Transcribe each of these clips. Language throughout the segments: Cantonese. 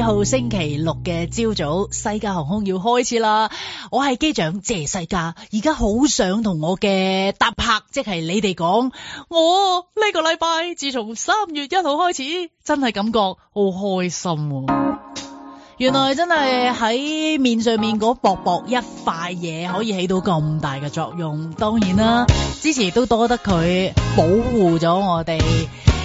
一號星期六嘅朝早，西加航空要開始啦。我係機長謝西加，而家好想同我嘅搭客，即係你哋講，我呢、哦這個禮拜自從三月一號開始，真係感覺好開心、啊。原來真係喺面上面嗰薄薄一塊嘢可以起到咁大嘅作用。當然啦，之前都多得佢保護咗我哋。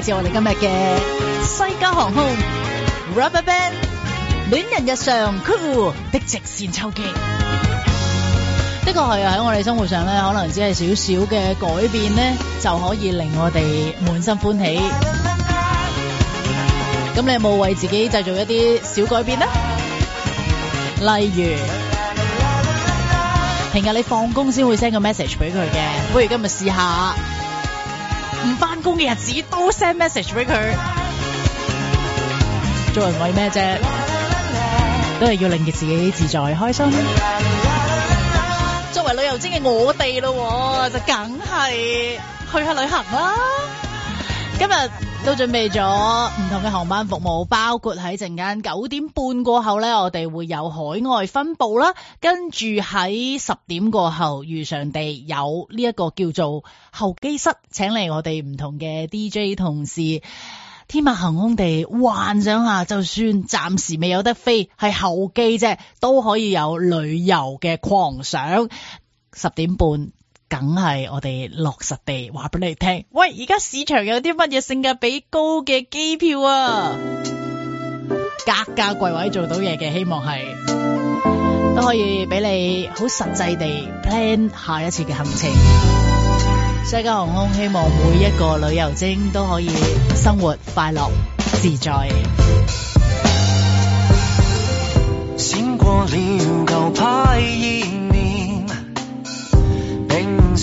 接我哋今日嘅西加航空 Rubberband 戀人日常 cool 的直線抽機，的確係喺我哋生活上咧，可能只係少少嘅改變咧，就可以令我哋滿心歡喜。咁 你有冇為自己製造一啲小改變呢？例如平日你放工先會 send 個 message 俾佢嘅，不如今日試下。唔翻工嘅日子都 send message 俾佢。做人為咩啫？都係要令自己自在開心。作為旅遊精嘅我哋咯，就梗係去下旅行啦。今日。都準備咗唔同嘅航班服務，包括喺陣間九點半過後呢，我哋會有海外分部啦。跟住喺十點過後，遇上地有呢一個叫做候機室，請嚟我哋唔同嘅 DJ 同事。天馬行空地幻想下，就算暫時未有得飛，係候機啫，都可以有旅遊嘅狂想。十點半。梗係我哋落實地話俾你聽，喂，而家市場有啲乜嘢性價比高嘅機票啊？格價櫃位做到嘢嘅，希望係都可以俾你好實際地 plan 下一次嘅行程。西加航空希望每一個旅遊精都可以生活快樂自在。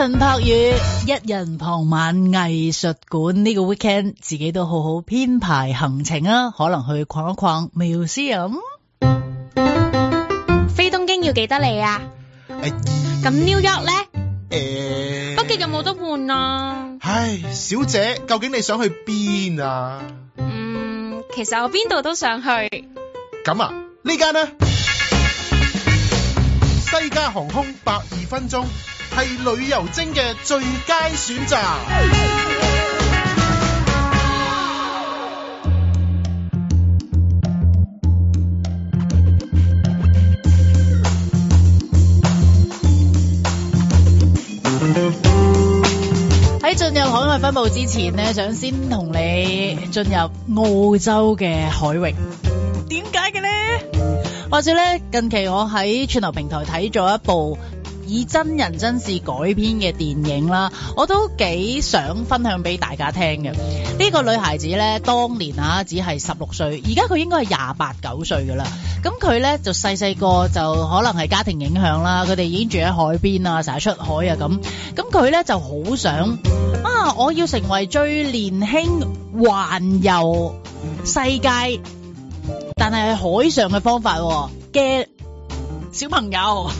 陳柏宇一人傍晚藝術館呢個 weekend 自己都好好編排行程啊，可能去逛一逛 Museum。飛東京要幾得你啊？咁、哎、New York 咧？誒、哎，北京有冇得換啊？唉，小姐，究竟你想去邊啊？嗯，其實我邊度都想去。咁啊？呢間呢？ 西加航空百二分鐘。係旅遊精嘅最佳選擇。喺 進入海外分部之前呢，想先同你進入澳洲嘅海域。點解嘅呢？話説咧，近期我喺串流平台睇咗一部。以真人真事改編嘅電影啦，我都幾想分享俾大家聽嘅。呢、這個女孩子呢，當年啊只係十六歲，而家佢應該係廿八九歲噶啦。咁、嗯、佢呢，就細細個就可能係家庭影響啦，佢哋已經住喺海邊啊，成日出海啊咁。咁佢、嗯、呢，就好想啊，我要成為最年輕環遊世界，但係海上嘅方法嘅、哦、小朋友。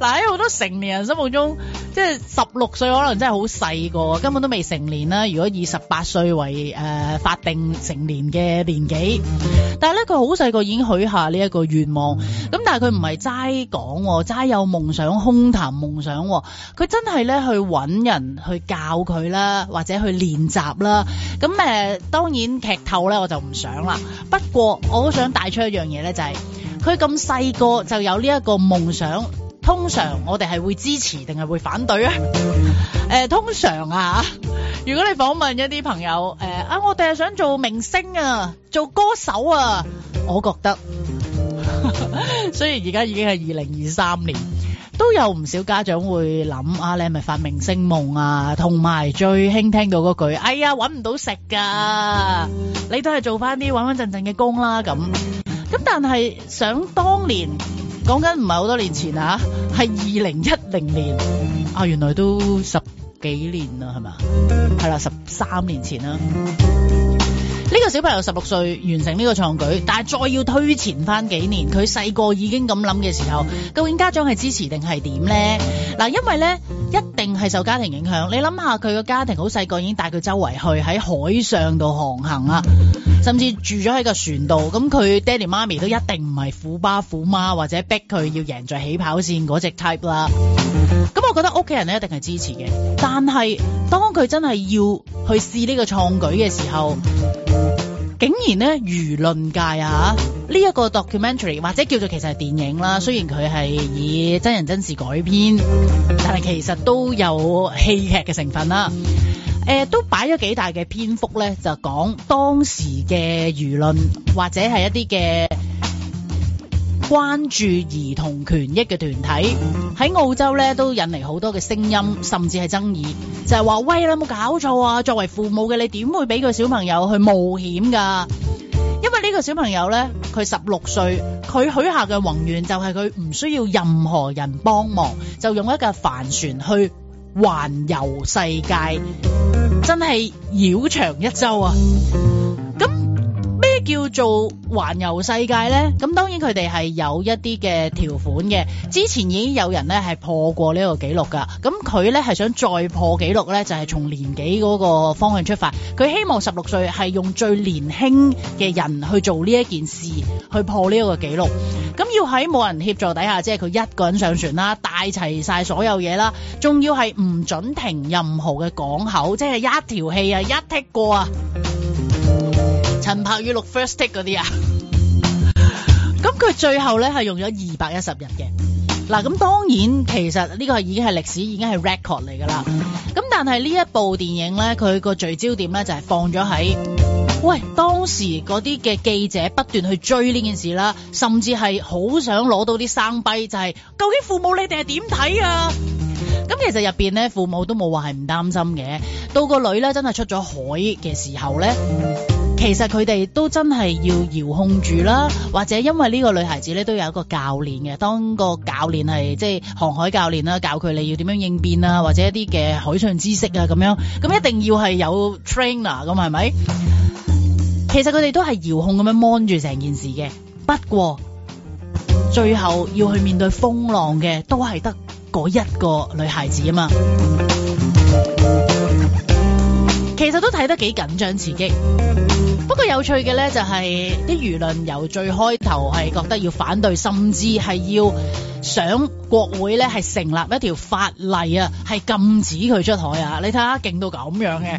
嗱，喺好多成年人心目中，即係十六歲可能真係好細個，根本都未成年啦。如果以十八歲為誒、呃、法定成年嘅年紀，但係咧佢好細個已經許下呢一個願望。咁但係佢唔係齋講，齋有夢想空談夢想。佢真係咧去揾人去教佢啦，或者去練習啦。咁誒當然劇透咧我就唔想啦。不過我好想帶出一樣嘢咧，就係佢咁細個就有呢一個夢想。通常我哋係會支持定係會反對啊？誒，通常啊，如果你訪問一啲朋友，誒啊，我哋係想做明星啊，做歌手啊，我覺得，雖然而家已經係二零二三年，都有唔少家長會諗啊，你係咪發明星夢啊？同埋最興聽到嗰句，哎呀，搵唔到食㗎，你都係做返啲穩穩陣陣嘅工啦咁。咁但係想當年。講緊唔係好多年前啊，係二零一零年啊，原來都十幾年啦，係咪？係啦，十三年前啦。呢個小朋友十六歲完成呢個創舉，但係再要推前翻幾年，佢細個已經咁諗嘅時候，究竟家長係支持定係點呢？嗱，因為呢，一定係受家庭影響。你諗下佢個家庭好細個已經帶佢周圍去喺海上度航行啊，甚至住咗喺個船度。咁佢爹哋媽咪都一定唔係虎爸虎媽，或者逼佢要贏在起跑線嗰隻 type 啦。咁我覺得屋企人呢，一定係支持嘅，但係當佢真係要去試呢個創舉嘅時候。竟然咧，輿論界啊，呢、這、一個 documentary 或者叫做其實係電影啦，雖然佢係以真人真事改編，但係其實都有戲劇嘅成分啦。誒、呃，都擺咗幾大嘅篇幅咧，就講當時嘅輿論或者係一啲嘅關注兒童權益嘅團體喺澳洲咧都引嚟，好多嘅聲音，甚至係爭議，就係話喂，你有冇搞錯啊？作為父母嘅你點會俾個小朋友去冒險噶？因為呢個小朋友呢，佢十六歲，佢許下嘅宏願就係佢唔需要任何人幫忙，就用一架帆船去環遊世界，真係繞長一周啊！叫做環遊世界呢，咁當然佢哋係有一啲嘅條款嘅。之前已經有人呢係破過呢一個紀錄㗎，咁佢呢係想再破紀錄呢，就係從年紀嗰個方向出發。佢希望十六歲係用最年輕嘅人去做呢一件事，去破呢一個紀錄。咁要喺冇人協助底下，即係佢一個人上船啦，帶齊晒所有嘢啦，仲要係唔准停任何嘅港口，即係一條氣啊，一剔過啊！陳柏宇錄 first take 嗰啲 啊，咁佢最後咧，係用咗二百一十日嘅。嗱，咁當然其實呢個係已經係歷史，已經係 record 嚟噶啦。咁但係呢一部電影咧，佢個聚焦點咧，就係、是、放咗喺，喂當時嗰啲嘅記者不斷去追呢件事啦，甚至係好想攞到啲生悲，就係、是、究竟父母你哋係點睇啊？咁其實入邊咧，父母都冇話係唔擔心嘅，到個女咧真係出咗海嘅時候咧。其實佢哋都真係要遙控住啦，或者因為呢個女孩子咧都有一個教練嘅，當個教練係即係航海教練啦，教佢哋要點樣應變啊，或者一啲嘅海上知識啊咁樣，咁一定要係有 trainer 咁係咪？其實佢哋都係遙控咁樣 mon 住成件事嘅，不過最後要去面對風浪嘅都係得嗰一個女孩子啊嘛，其實都睇得幾緊張刺激。不過有趣嘅咧，就係啲輿論由最開頭係覺得要反對，甚至係要想國會咧，係成立一條法例啊，係禁止佢出台啊！你睇下勁到咁樣嘅，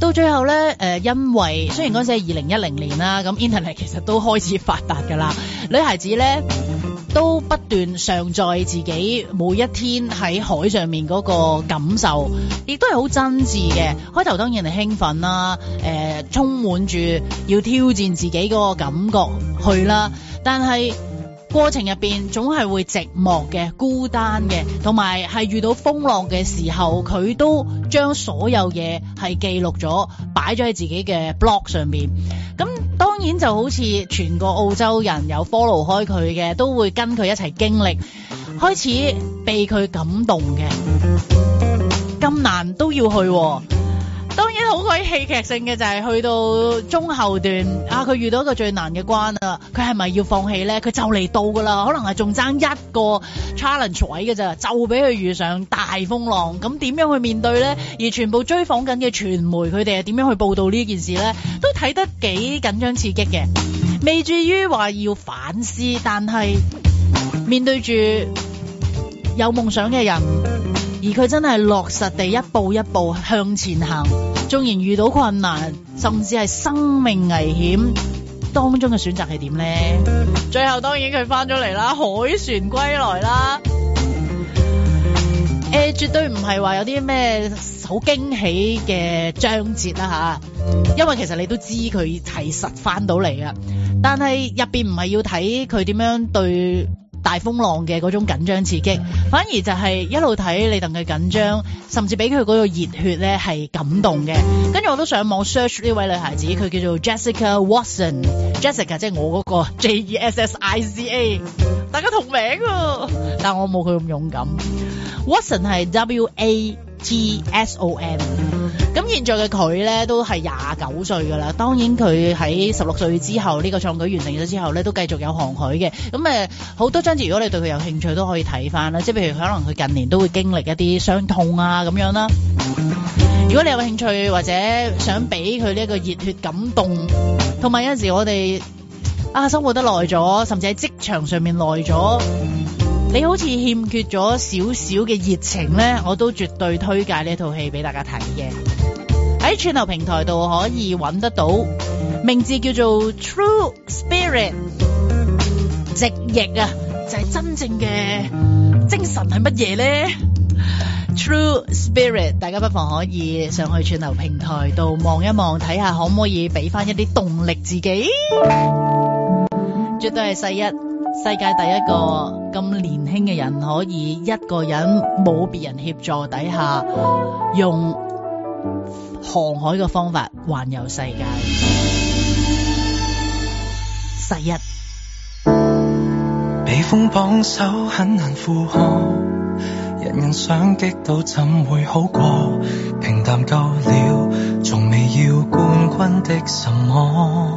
到最後咧，誒、呃，因為雖然嗰時係二零一零年啦，咁 Internet 其實都開始發達噶啦，女孩子咧。都不斷上載自己每一天喺海上面嗰個感受，亦都係好真摯嘅。開頭當然係興奮啦，誒、呃，充滿住要挑戰自己嗰個感覺去啦，但係，過程入邊總係會寂寞嘅、孤單嘅，同埋係遇到風浪嘅時候，佢都將所有嘢係記錄咗，擺咗喺自己嘅 blog 上面。咁當然就好似全個澳洲人有 follow 開佢嘅，都會跟佢一齊經歷，開始被佢感動嘅。咁難都要去、哦。好鬼戲劇性嘅就係去到中後段，啊佢遇到一個最難嘅關啊，佢係咪要放棄咧？佢就嚟到噶啦，可能係仲爭一個 challenge 位嘅咋，就俾佢遇上大風浪，咁點樣去面對咧？而全部追訪緊嘅傳媒，佢哋係點樣去報道呢件事咧？都睇得幾緊張刺激嘅，未至於話要反思，但係面對住有夢想嘅人，而佢真係落實地一步一步向前行。縱然遇到困難，甚至係生命危險當中嘅選擇係點咧？最後當然佢翻咗嚟啦，凱旋歸來啦。誒、欸，絕對唔係話有啲咩好驚喜嘅章節啦、啊、吓，因為其實你都知佢其實翻到嚟嘅。但係入邊唔係要睇佢點樣對。大風浪嘅嗰種緊張刺激，反而就係一路睇你，替佢緊張，甚至俾佢嗰個熱血咧係感動嘅。跟住我都上網 search 呢位女孩子，佢叫做 Jessica Watson，Jessica 即係我嗰、嗰個 J E S S, S I C A，大家同名，但我冇佢咁勇敢。Watson 係 W A G S O M。咁現在嘅佢咧都係廿九歲㗎啦，當然佢喺十六歲之後呢個創舉完成咗之後咧，都繼續有航海嘅。咁誒好多章節，如果你對佢有興趣，都可以睇翻啦。即係譬如可能佢近年都會經歷一啲傷痛啊咁樣啦。如果你有興趣或者想俾佢呢個熱血感動，同埋有陣時我哋啊生活得耐咗，甚至喺職場上面耐咗。你好似欠缺咗少少嘅熱情咧，我都絕對推介呢套戲俾大家睇嘅。喺串流平台度可以揾得到，名字叫做 True Spirit。直譯啊，就係真正嘅精神係乜嘢咧？True Spirit，大家不妨可以上去串流平台度望一望，睇下可唔可以俾翻一啲動力自己。絕對係世一。世界第一個咁年輕嘅人，可以一個人冇別人協助底下，用航海嘅方法環遊世界。十一，被風綁手很難負荷，人人想激到，怎會好過？平淡夠了，從未要冠軍的什麼。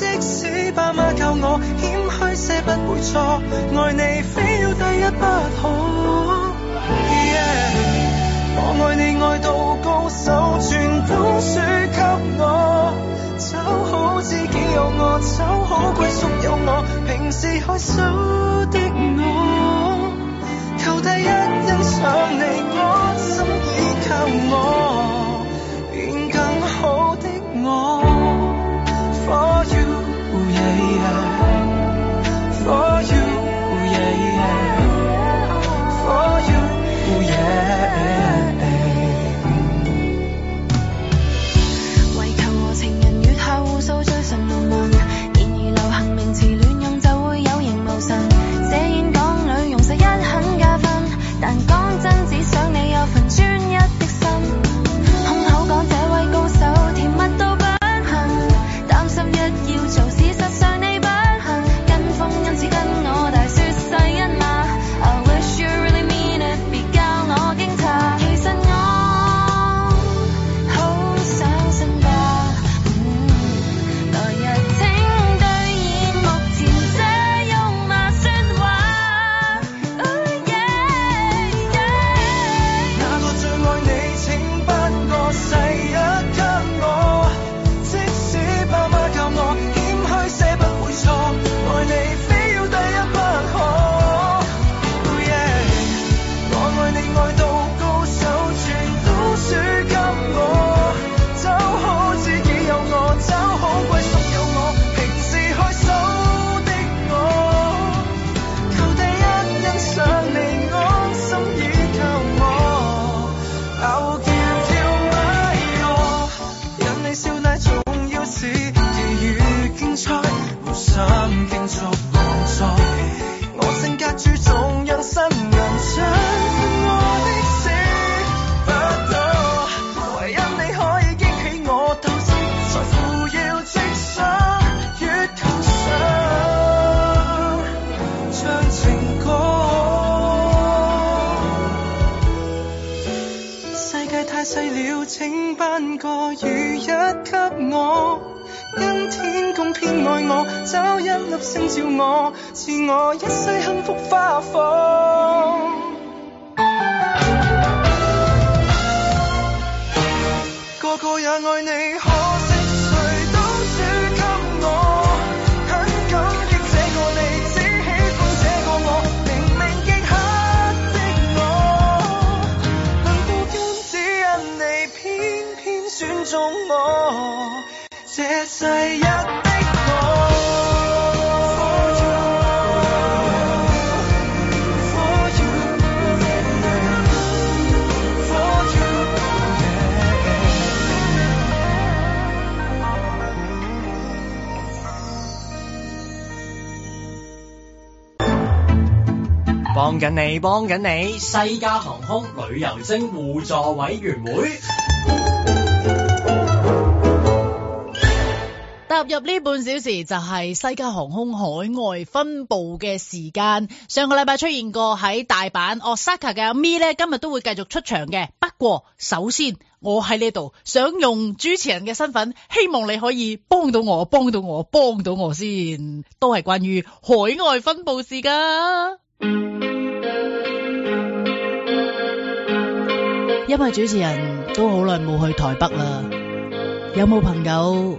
即使爸媽教我謙虛些不會錯，愛你非要第一不可。Yeah, 我愛你愛到高手全都輸給我，找好知己有我，找好歸宿有我，平時開心。尊重我，這世一的我。世的幫緊你，幫緊你，西加航空旅遊精互助委員會。踏入呢半小時就係、是、西加航空海外分部嘅時間。上個禮拜出現過喺大阪 Osaka 嘅阿咪咧，今日都會繼續出場嘅。不過首先我喺呢度想用主持人嘅身份，希望你可以幫到我，幫到我，幫到我先，都係關於海外分部事噶。因為主持人都好耐冇去台北啦，有冇朋友？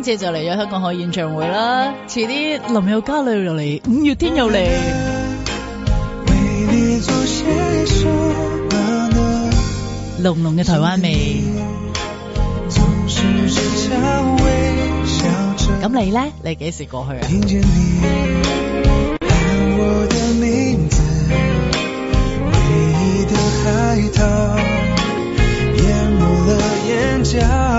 今次就嚟咗香港開演唱會啦，遲啲林宥嘉又嚟，五月天又嚟，濃濃嘅台灣味。咁你呢？你幾時過去啊？聽見你喊我的名字，唯一的海淹沒了眼角。」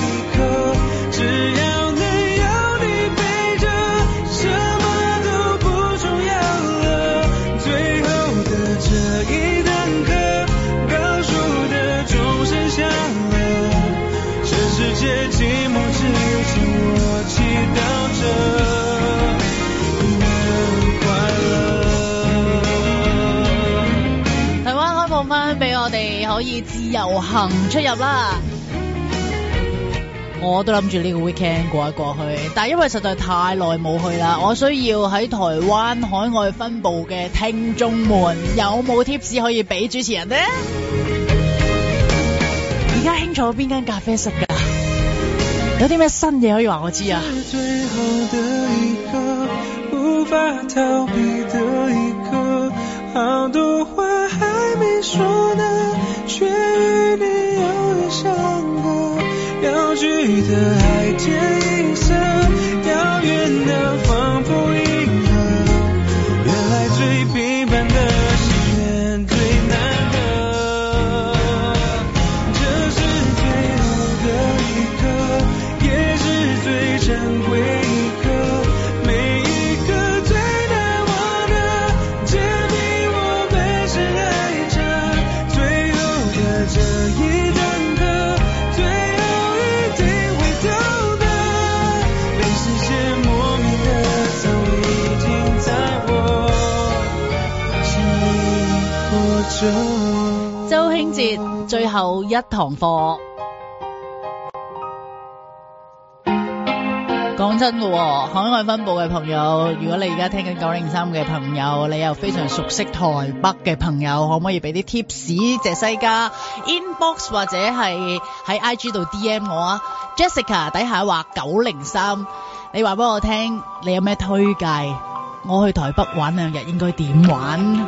可以自由行出入啦，我都諗住呢個 weekend 過一過去，但係因為實在太耐冇去啦，我需要喺台灣海外分部嘅聽眾們有冇 tips 可以俾主持人呢？而家興咗邊間咖啡室噶？有啲咩新嘢可以話我知啊？最後的一刻，無法逃避的一刻，好多話，還沒說呢與你遙遠相隔，要去的海天一色，遙遠的。後一堂課，講真噶，海外分布嘅朋友，如果你而家聽緊九零三嘅朋友，你又非常熟悉台北嘅朋友，可唔可以俾啲 tips，謝西加 inbox 或者係喺 IG 度 DM 我啊，Jessica 底下話九零三，你話俾我聽，你有咩推介？我去台北玩兩日應該點玩？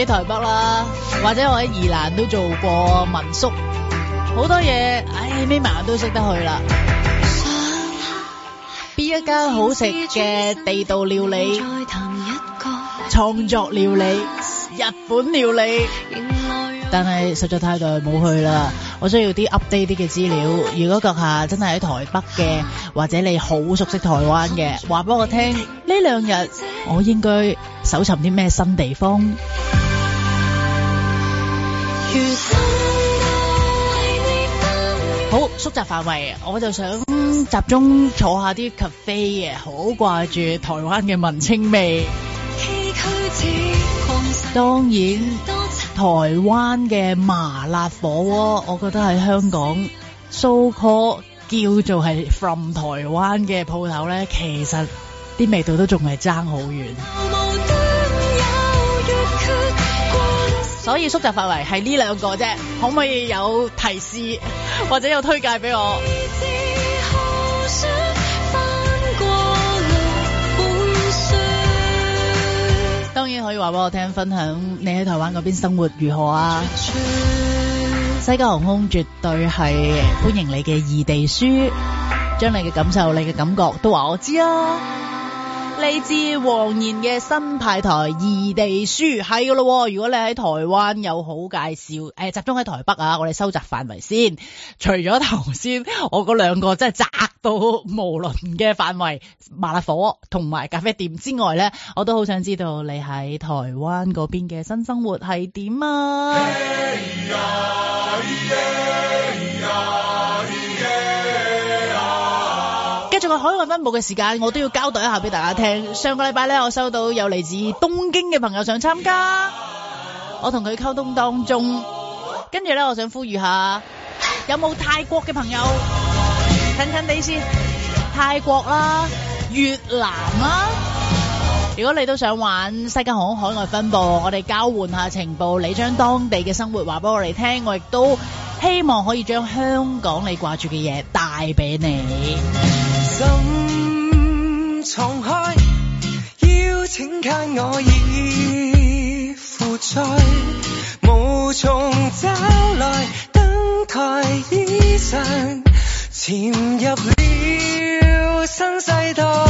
喺台北啦，或者我喺宜蘭都做過民宿，好多嘢，唉，眯埋眼都識得去啦。邊一間好食嘅地道料理、創作料理、日本料理？但係實在太耐冇去啦，我需要啲 update 啲嘅資料。如果閣下真係喺台北嘅，或者你好熟悉台灣嘅，話俾我聽，呢兩日我應該搜尋啲咩新地方？Thank 好，縮窄範圍，我就想集中坐下啲 cafe 嘅，好掛住台灣嘅文青味。 當然，台灣嘅麻辣火鍋，我覺得喺香港 so call 叫做係 from 台灣嘅鋪頭咧，其實啲味道都仲係爭好遠。所以縮窄範圍係呢兩個啫，可唔可以有提示或者有推介俾我？自自當然可以話俾我聽，分享你喺台灣嗰邊生活如何啊？處西加航空絕對係歡迎你嘅異地書，將你嘅感受、你嘅感覺都話我知啊！嚟自王言嘅新派台異地書，係噶咯。如果你喺台灣有好介紹，誒集中喺台北啊，我哋收集範圍先。除咗頭先我嗰兩個真係窄到無倫嘅範圍，麻辣火鍋同埋咖啡店之外咧，我都好想知道你喺台灣嗰邊嘅新生活係點啊！Hey, 海外分部嘅時間，我都要交代一下俾大家聽。上個禮拜咧，我收到有嚟自東京嘅朋友想參加，我同佢溝通當中，跟住咧，我想呼籲下，有冇泰國嘅朋友近近哋先？泰國啦、啊，越南啦、啊。如果你都想玩《西加航空海外分部，我哋交換下情報，你將當地嘅生活話俾我哋聽，我亦都希望可以將香港你掛住嘅嘢帶俾你。心重開，邀請我以赴吹，無從找來登台衣裳，潛入了新世代。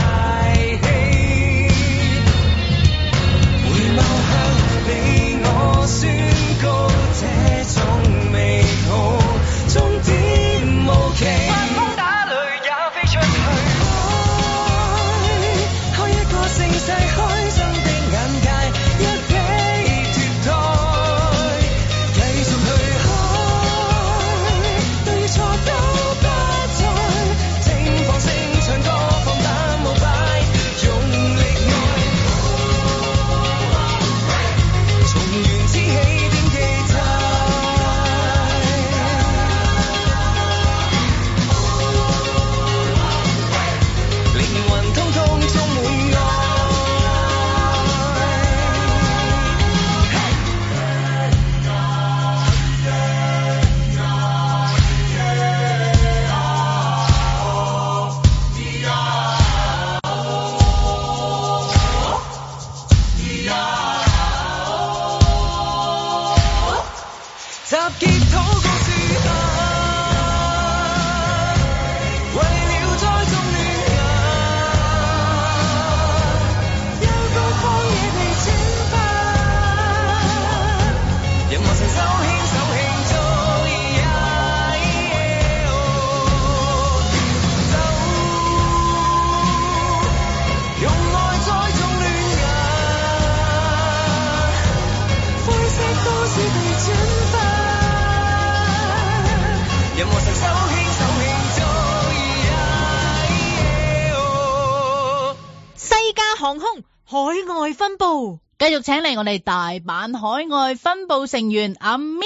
分部，繼續請嚟我哋大阪海外分部成員阿咪。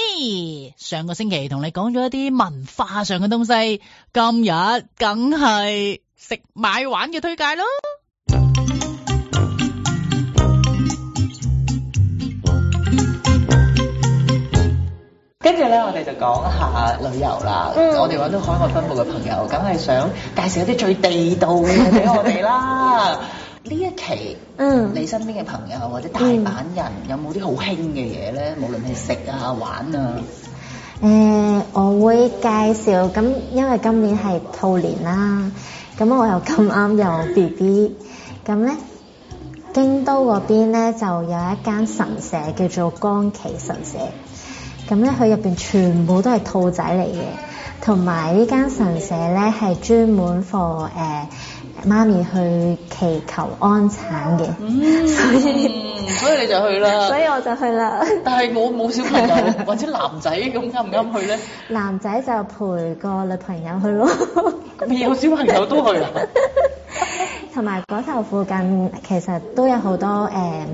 上個星期同你講咗一啲文化上嘅東西，今日梗係食買玩嘅推介咯。跟住咧，我哋就講下旅遊啦。我哋搵到海外分部嘅朋友，梗係想介紹一啲最地道嘅嘢俾我哋啦。呢一期，嗯，你身邊嘅朋友或者大阪人、嗯、有冇啲好興嘅嘢咧？無論係食啊、玩啊，誒、呃，我會介紹。咁因為今年係兔年啦，咁我又咁啱有 B B，咁咧，京都嗰邊咧就有一間神社叫做江崎神社，咁咧佢入邊全部都係兔仔嚟嘅，同埋呢間神社咧係專門 for、呃媽咪去祈求安產嘅，嗯、所以、嗯、所以你就去啦，所以我就去啦。 但係我冇小朋友， 或者男仔咁啱唔啱去咧？男仔就陪個女朋友去咯。未 有小朋友都去啊？同埋嗰頭附近其實都有好多誒、嗯、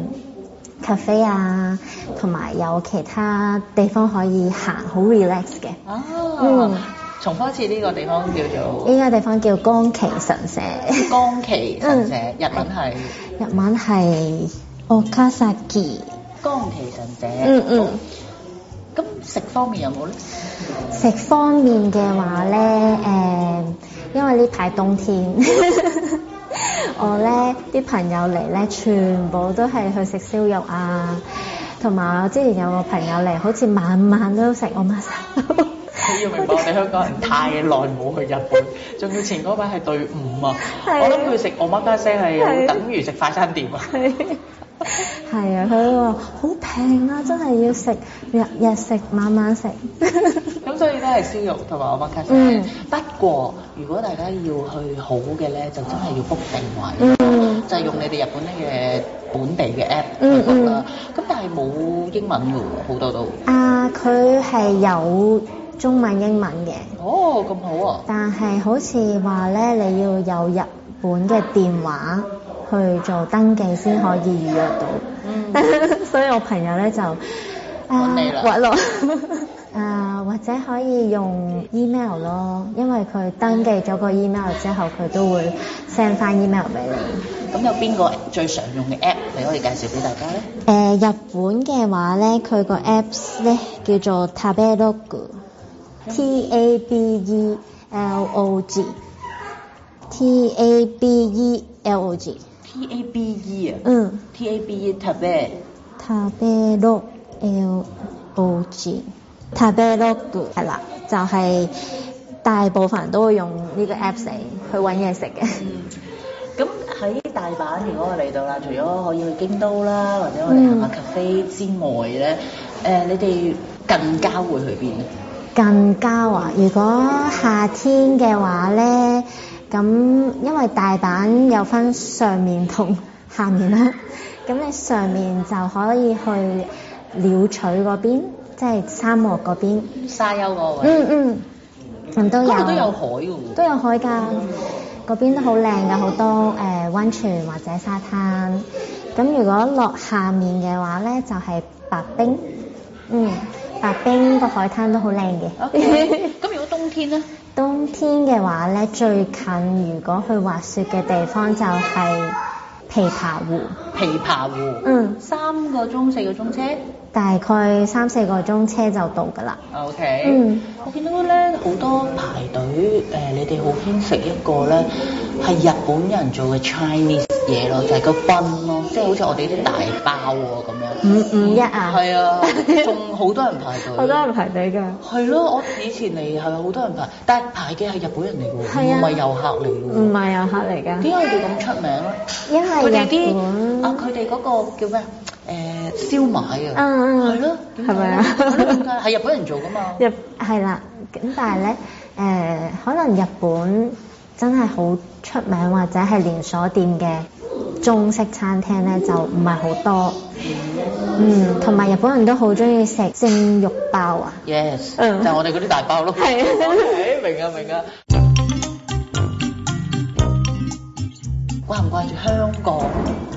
cafe 啊，同埋有，有其他地方可以行好 relax 嘅。哦、啊。嗯從開始呢個地方叫做，呢家、嗯、這個、地方叫江崎神社。江崎神社，嗯、日文係。日文係。Okazaki 江崎神社。嗯嗯。咁、嗯哦、食方面有冇咧？食方面嘅話咧，誒、呃，因為呢排冬天， 我咧啲朋友嚟咧，全部都係去食燒肉啊，同埋我之前有個朋友嚟，好似晚晚都食 o m 你要明白，我哋香港人太耐冇去日本，仲要前嗰位係隊伍啊！啊我諗佢食 Omakase 係等於食快餐店啊！係啊，佢話、 啊、好平啊，真係要食日日食晚晚食。咁 所以都係燒肉同埋 Omakase。嗯、不過如果大家要去好嘅咧，就真係要 book 定位，嗯、就係用你哋日本嘅本地嘅 app 去 book 啦。咁、嗯嗯、但係冇英文嘅喎，好多都。啊，佢係有。中文、英文嘅哦，咁好啊！但係好似話咧，你要有日本嘅電話去做登記先可以預約到，嗯， 所以我朋友咧就啊屈落，啊、呃、或者可以用 email 咯，因為佢登記咗個 email 之後，佢都會 send 翻 email 俾你。咁有邊個最常用嘅 app 你可以介紹俾大家咧？誒、呃，日本嘅話咧，佢個 apps 咧叫做 Tabelog T A B E L O G T A B E L O, G,、B、e L o G T A B E 啊，嗯 T A B E T A B E T A B E L O G T A B E L O G 係啦、e e，就係、是、大部分人都會用呢個 app 嚟去搵嘢食嘅。咁喺、嗯、大阪如果我嚟到啦，除咗可以去京都啦，或者我哋行下咖啡之外咧，誒、呃，你哋更加會去邊咧？更加啊！如果夏天嘅話咧，咁因為大阪有分上面同下面啦，咁 你上面就可以去鳥取嗰邊，即係沙漠嗰邊，沙丘嗰位、嗯。嗯嗯，咁、嗯、都有。都有海喎。都有海㗎，嗰、嗯、邊都好靚㗎，好多誒温、呃、泉或者沙灘。咁如果落下，下面嘅話咧，就係、是、白冰。嗯。白冰個海灘都好靚嘅。OK。咁如果冬天咧？冬天嘅話咧，最近如果去滑雪嘅地方就係琵琶湖。琵琶湖。嗯。三個鐘、四個鐘車。大概三四個鐘車就到㗎啦。O Okay . K，嗯，我見到咧好多排隊誒、呃，你哋好興食一個咧，係日本人做嘅 Chinese 嘢咯，就係個糰咯，即係好似我哋啲大包喎、哦、咁樣。五五一啊？係、嗯、啊，仲、嗯、好、嗯、 多人排隊，好 多人排隊㗎。係咯，我以前嚟係好多人排，但係排嘅係日本人嚟㗎喎，唔係 遊客嚟㗎喎。唔係遊客嚟㗎。點解佢哋咁出名咧？ 因為日本啊，佢哋嗰個叫咩？誒燒賣啊，係咯、嗯，係咪啊？係吧 日本人做㗎嘛，日係啦。咁但係咧，誒、呃、可能日本真係好出名或者係連鎖店嘅中式餐廳咧就唔係好多，嗯，同埋、 嗯、日本人都好中意食蒸肉包啊。Yes，嗯，就我哋嗰啲大包咯。係啊， 明啊，明啊。掛唔掛住香港？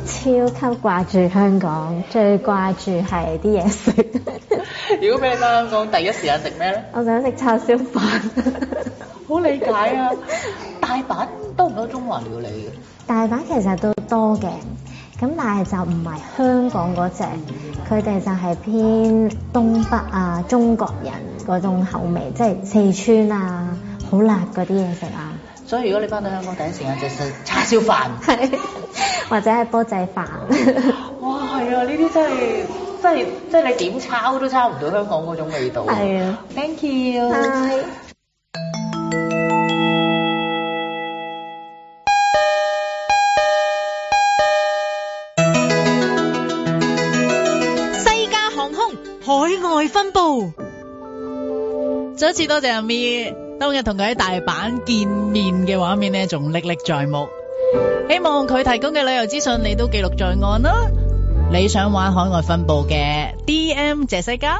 超級掛住香港，最掛住係啲嘢食。如果俾你翻香港，第一時間食咩咧？我想食叉燒飯。 好理解啊！ 大阪多唔多中華料理嘅？大阪其實都多嘅，咁但係就唔係香港嗰隻，佢哋就係偏東北啊，中國人嗰種口味，即係四川啊，好辣嗰啲嘢食啊。所以如果你返到香港第一時間就食叉燒飯， 或者係煲仔飯。 哇，係啊！呢啲真係真係真係你點抄都抄唔到香港嗰種味道。係啊，Thank you。西加航空海外分部，再一次多謝阿咪。當日同佢喺大阪見面嘅畫面呢，仲歷歷在目。希望佢提供嘅旅遊資訊你都記錄在案啦。你想玩海外分佈嘅 DM Jessica？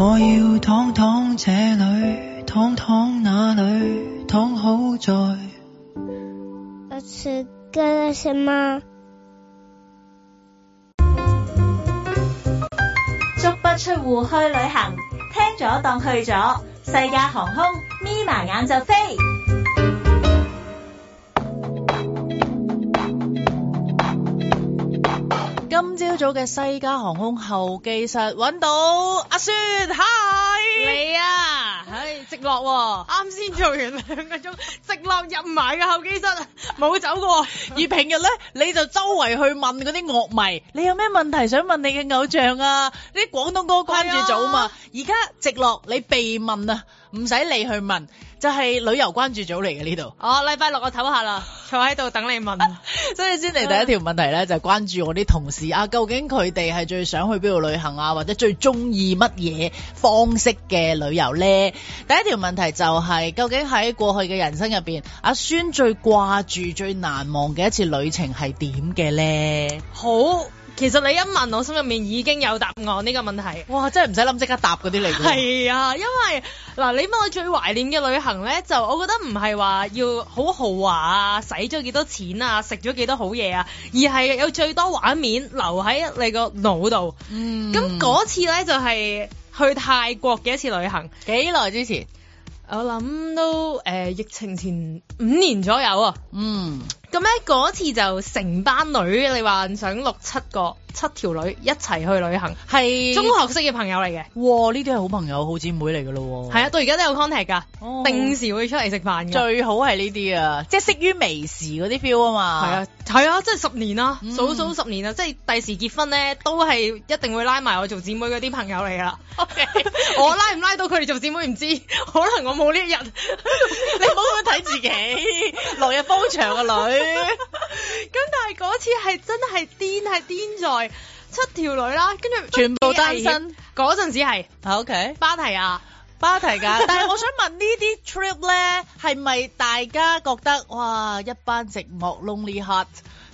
我要躺躺這裏，躺躺那裏，躺好在。食姜是嗎？足 不出戶去旅行，聽咗當去咗，世界航空眯埋眼眼就飛。今朝早嘅西加航空候機室揾到阿孫，Hi，你啊，唉、哎、直落、啊，啱先做完兩個鐘， 直落入埋嘅候機室，冇走過。 而平日咧，你就周圍去問嗰啲樂迷，你有咩問題想問你嘅偶像啊？啲廣東歌關注組嘛、啊，而家直落你被問啊，唔使你去問。就係旅遊關注組嚟嘅呢度。哦，禮拜六我唞下啦， 坐喺度等你問。 所以先嚟第一條問題呢，就係、是、關注我啲同事啊，究竟佢哋係最想去邊度旅行啊，或者最中意乜嘢方式嘅旅遊呢？第一條問題就係、是，究竟喺過去嘅人生入邊，阿孫最掛住、最難忘嘅一次旅程係點嘅呢？好。其實你一問我心入面已經有答案呢個問題，哇，真係唔使諗，即刻答嗰啲嚟。係啊，因為嗱，你問我最懷念嘅旅行咧，就我覺得唔係話要好豪華啊，使咗幾多錢啊，食咗幾多好嘢啊，而係有最多畫面留喺你個腦度。嗯，咁嗰次咧就係、是、去泰國嘅一次旅行。幾耐之前？我諗都誒、呃，疫情前五年左右。嗯。咁咧嗰次就成班女，你幻想六七個。七條女一齊去旅行，係是中學識嘅朋友嚟嘅。哇！呢啲係好朋友、好姊妹嚟㗎咯。係啊，到而家都有 contact 㗎，哦、定時會出嚟食飯嘅。最好係呢啲啊，即係識於微時嗰啲 feel 啊嘛。係啊，係啊，即係十年啊，嗯、數數十年啊，即係第時結婚咧，都係一定會拉埋我做姊妹嗰啲朋友嚟㗎啦。O Okay , K， 我拉唔拉到佢哋做姊妹唔知，可能我冇呢一日。 你唔好睇自己，來 日方長嘅女。咁 但係嗰次係真係癲，係癲咗。七條女啦，跟住全部單身，嗰陣時係，OK，巴提亞，巴提亞， 但係我想問呢啲 trip 咧，係咪大家覺得哇，一班寂寞 lonely heart。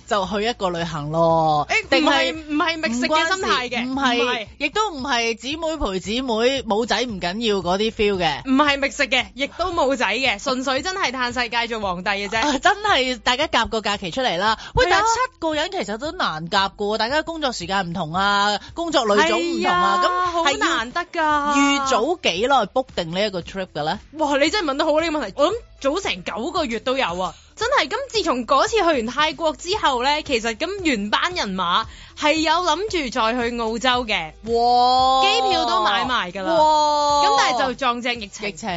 就去一個旅行咯，誒、欸，唔係唔係覓食嘅心態嘅，唔係是是，亦都唔係姊妹陪姊妹冇仔唔緊要嗰啲 feel 嘅，唔係覓食嘅，亦都冇仔嘅，純粹真係嘆世界做皇帝嘅啫、呃，真係大家夾個假期出嚟啦，喂，但係七個人其實都難夾噶，大家工作時間唔同啊，工作類組唔同啊，咁好、哎、呀那難得噶，預早幾耐 book 定呢一個 trip 嘅咧？哇，你真係問得好呢個問題，我諗早成九個月都有啊。真係咁，自從嗰次去完泰國之後咧，其實咁原班人馬。係有諗住再去澳洲嘅，哇！機票都買埋噶啦，咁哇但係就撞正疫情，疫情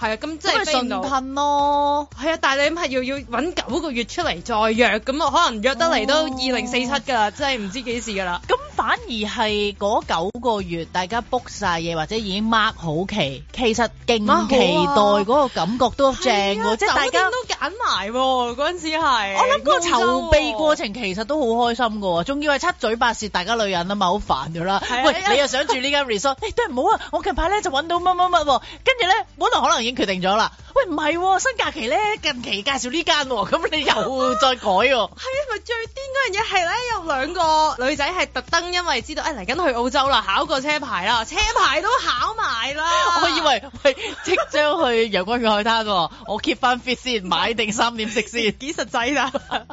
係啊，咁即係順噴咯，係啊！但係你係要要搵九個月出嚟再約，咁啊可能約得嚟都二零四七噶啦，真係唔知幾時噶啦。咁反而係嗰九個月，大家 book 晒嘢或者已經 mark 好期，其實勁期待嗰麼個感覺都正噶，啊、即係大家都揀埋嗰陣時係。我諗個籌備過程其實都好開心噶，仲要係七。懟巴士，大家女人啊嘛，好煩噶啦。啊、喂，啊、你又想住呢間 resort？誒、 欸，都唔好啊！我近排咧就揾到乜乜乜，跟住咧本來可能已經決定咗啦。喂，唔係、啊、新假期咧，近期介紹呢間，咁你又再改？係啊，咪、 啊、最癲嗰樣嘢係咧，有兩個女仔係特登，因為知道誒嚟緊去澳洲啦，考個車牌啦，車牌都考埋啦。 我以為喂即將去陽光嘅海灘、啊，我 keep 翻 fit 先，買定三點食先，幾 實際際啊！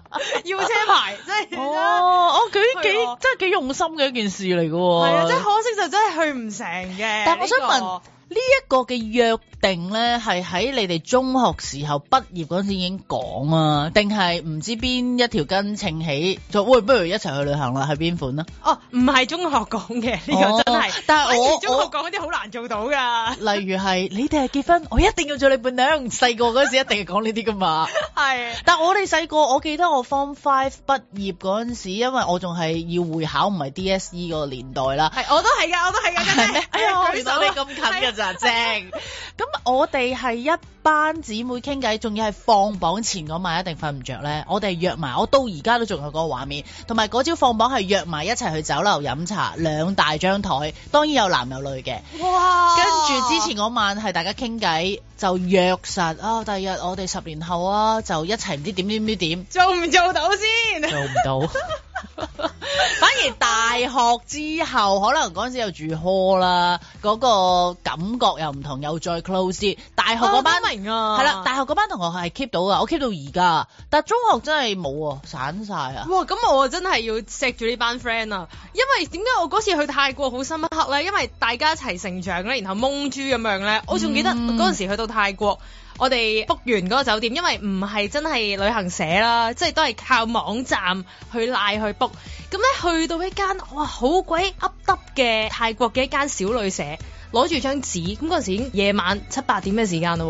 要車牌真係哦，我舉、 哦、幾。欸、真係幾用心嘅一件事嚟㗎，係啊！即係可惜就真係去唔成嘅。但係我想問，這個呢一個嘅約定咧，係喺你哋中學時候畢業嗰陣時已經講啊，定係唔知邊一條筋稱起就，喂，不如一齊去旅行啦？係邊款啊？哦，唔係中學講嘅呢個真係、哦，但係我中學講啲好難做到噶。例如係你哋係結婚，我一定要做你伴娘。細個嗰陣時，時一定係講呢啲噶嘛。係 是，但係我哋細個，我記得我 form five 畢業嗰陣時，因為我仲係要會考，唔係 DSE 嗰個年代啦。係，我都係噶，我都係噶，真係。哎呀，我遇你咁近㗎咋是～正，咁 我哋係一班姊妹傾偈，仲要係放榜前嗰晚一定瞓唔着咧。我哋約埋，我到而家都仲有個畫面，同埋嗰朝放榜係約埋一齊去酒樓飲茶，兩大張台，當然有男有女嘅。哇！跟住之前嗰晚係大家傾偈，就約實啊，第、哦、日我哋十年後啊，就一齊唔知點點點點， 做唔做到先？做唔到。 反而大學之後， 可能嗰陣時又住 hall 啦，嗰、嗰個感覺又唔同，又再 close 啲。大學嗰班明啊，係啦，啊，大學嗰班同學係 keep 到㗎，我 keep 到而家。但係中學真係冇啊，散晒啊。哇，咁我真係要錫住呢班 friend 啊！因為點解我嗰次去泰國好深刻咧？因為大家一齊成長咧，然後懵豬咁樣咧，我仲記得嗰陣時去到泰國。嗯我哋 book 完嗰個酒店，因為唔係真係旅行社啦，即係都係靠網站去拉去 book。咁咧去到一間哇好鬼噏耷嘅泰國嘅一間小旅社，攞住張紙，咁嗰陣時已經夜晚七八點嘅時間啦。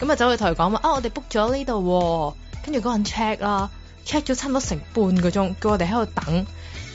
咁啊走去同佢講話，啊我哋 book 咗呢度，跟住嗰人 check 啦，check 咗差唔多成半個鐘，叫我哋喺度等。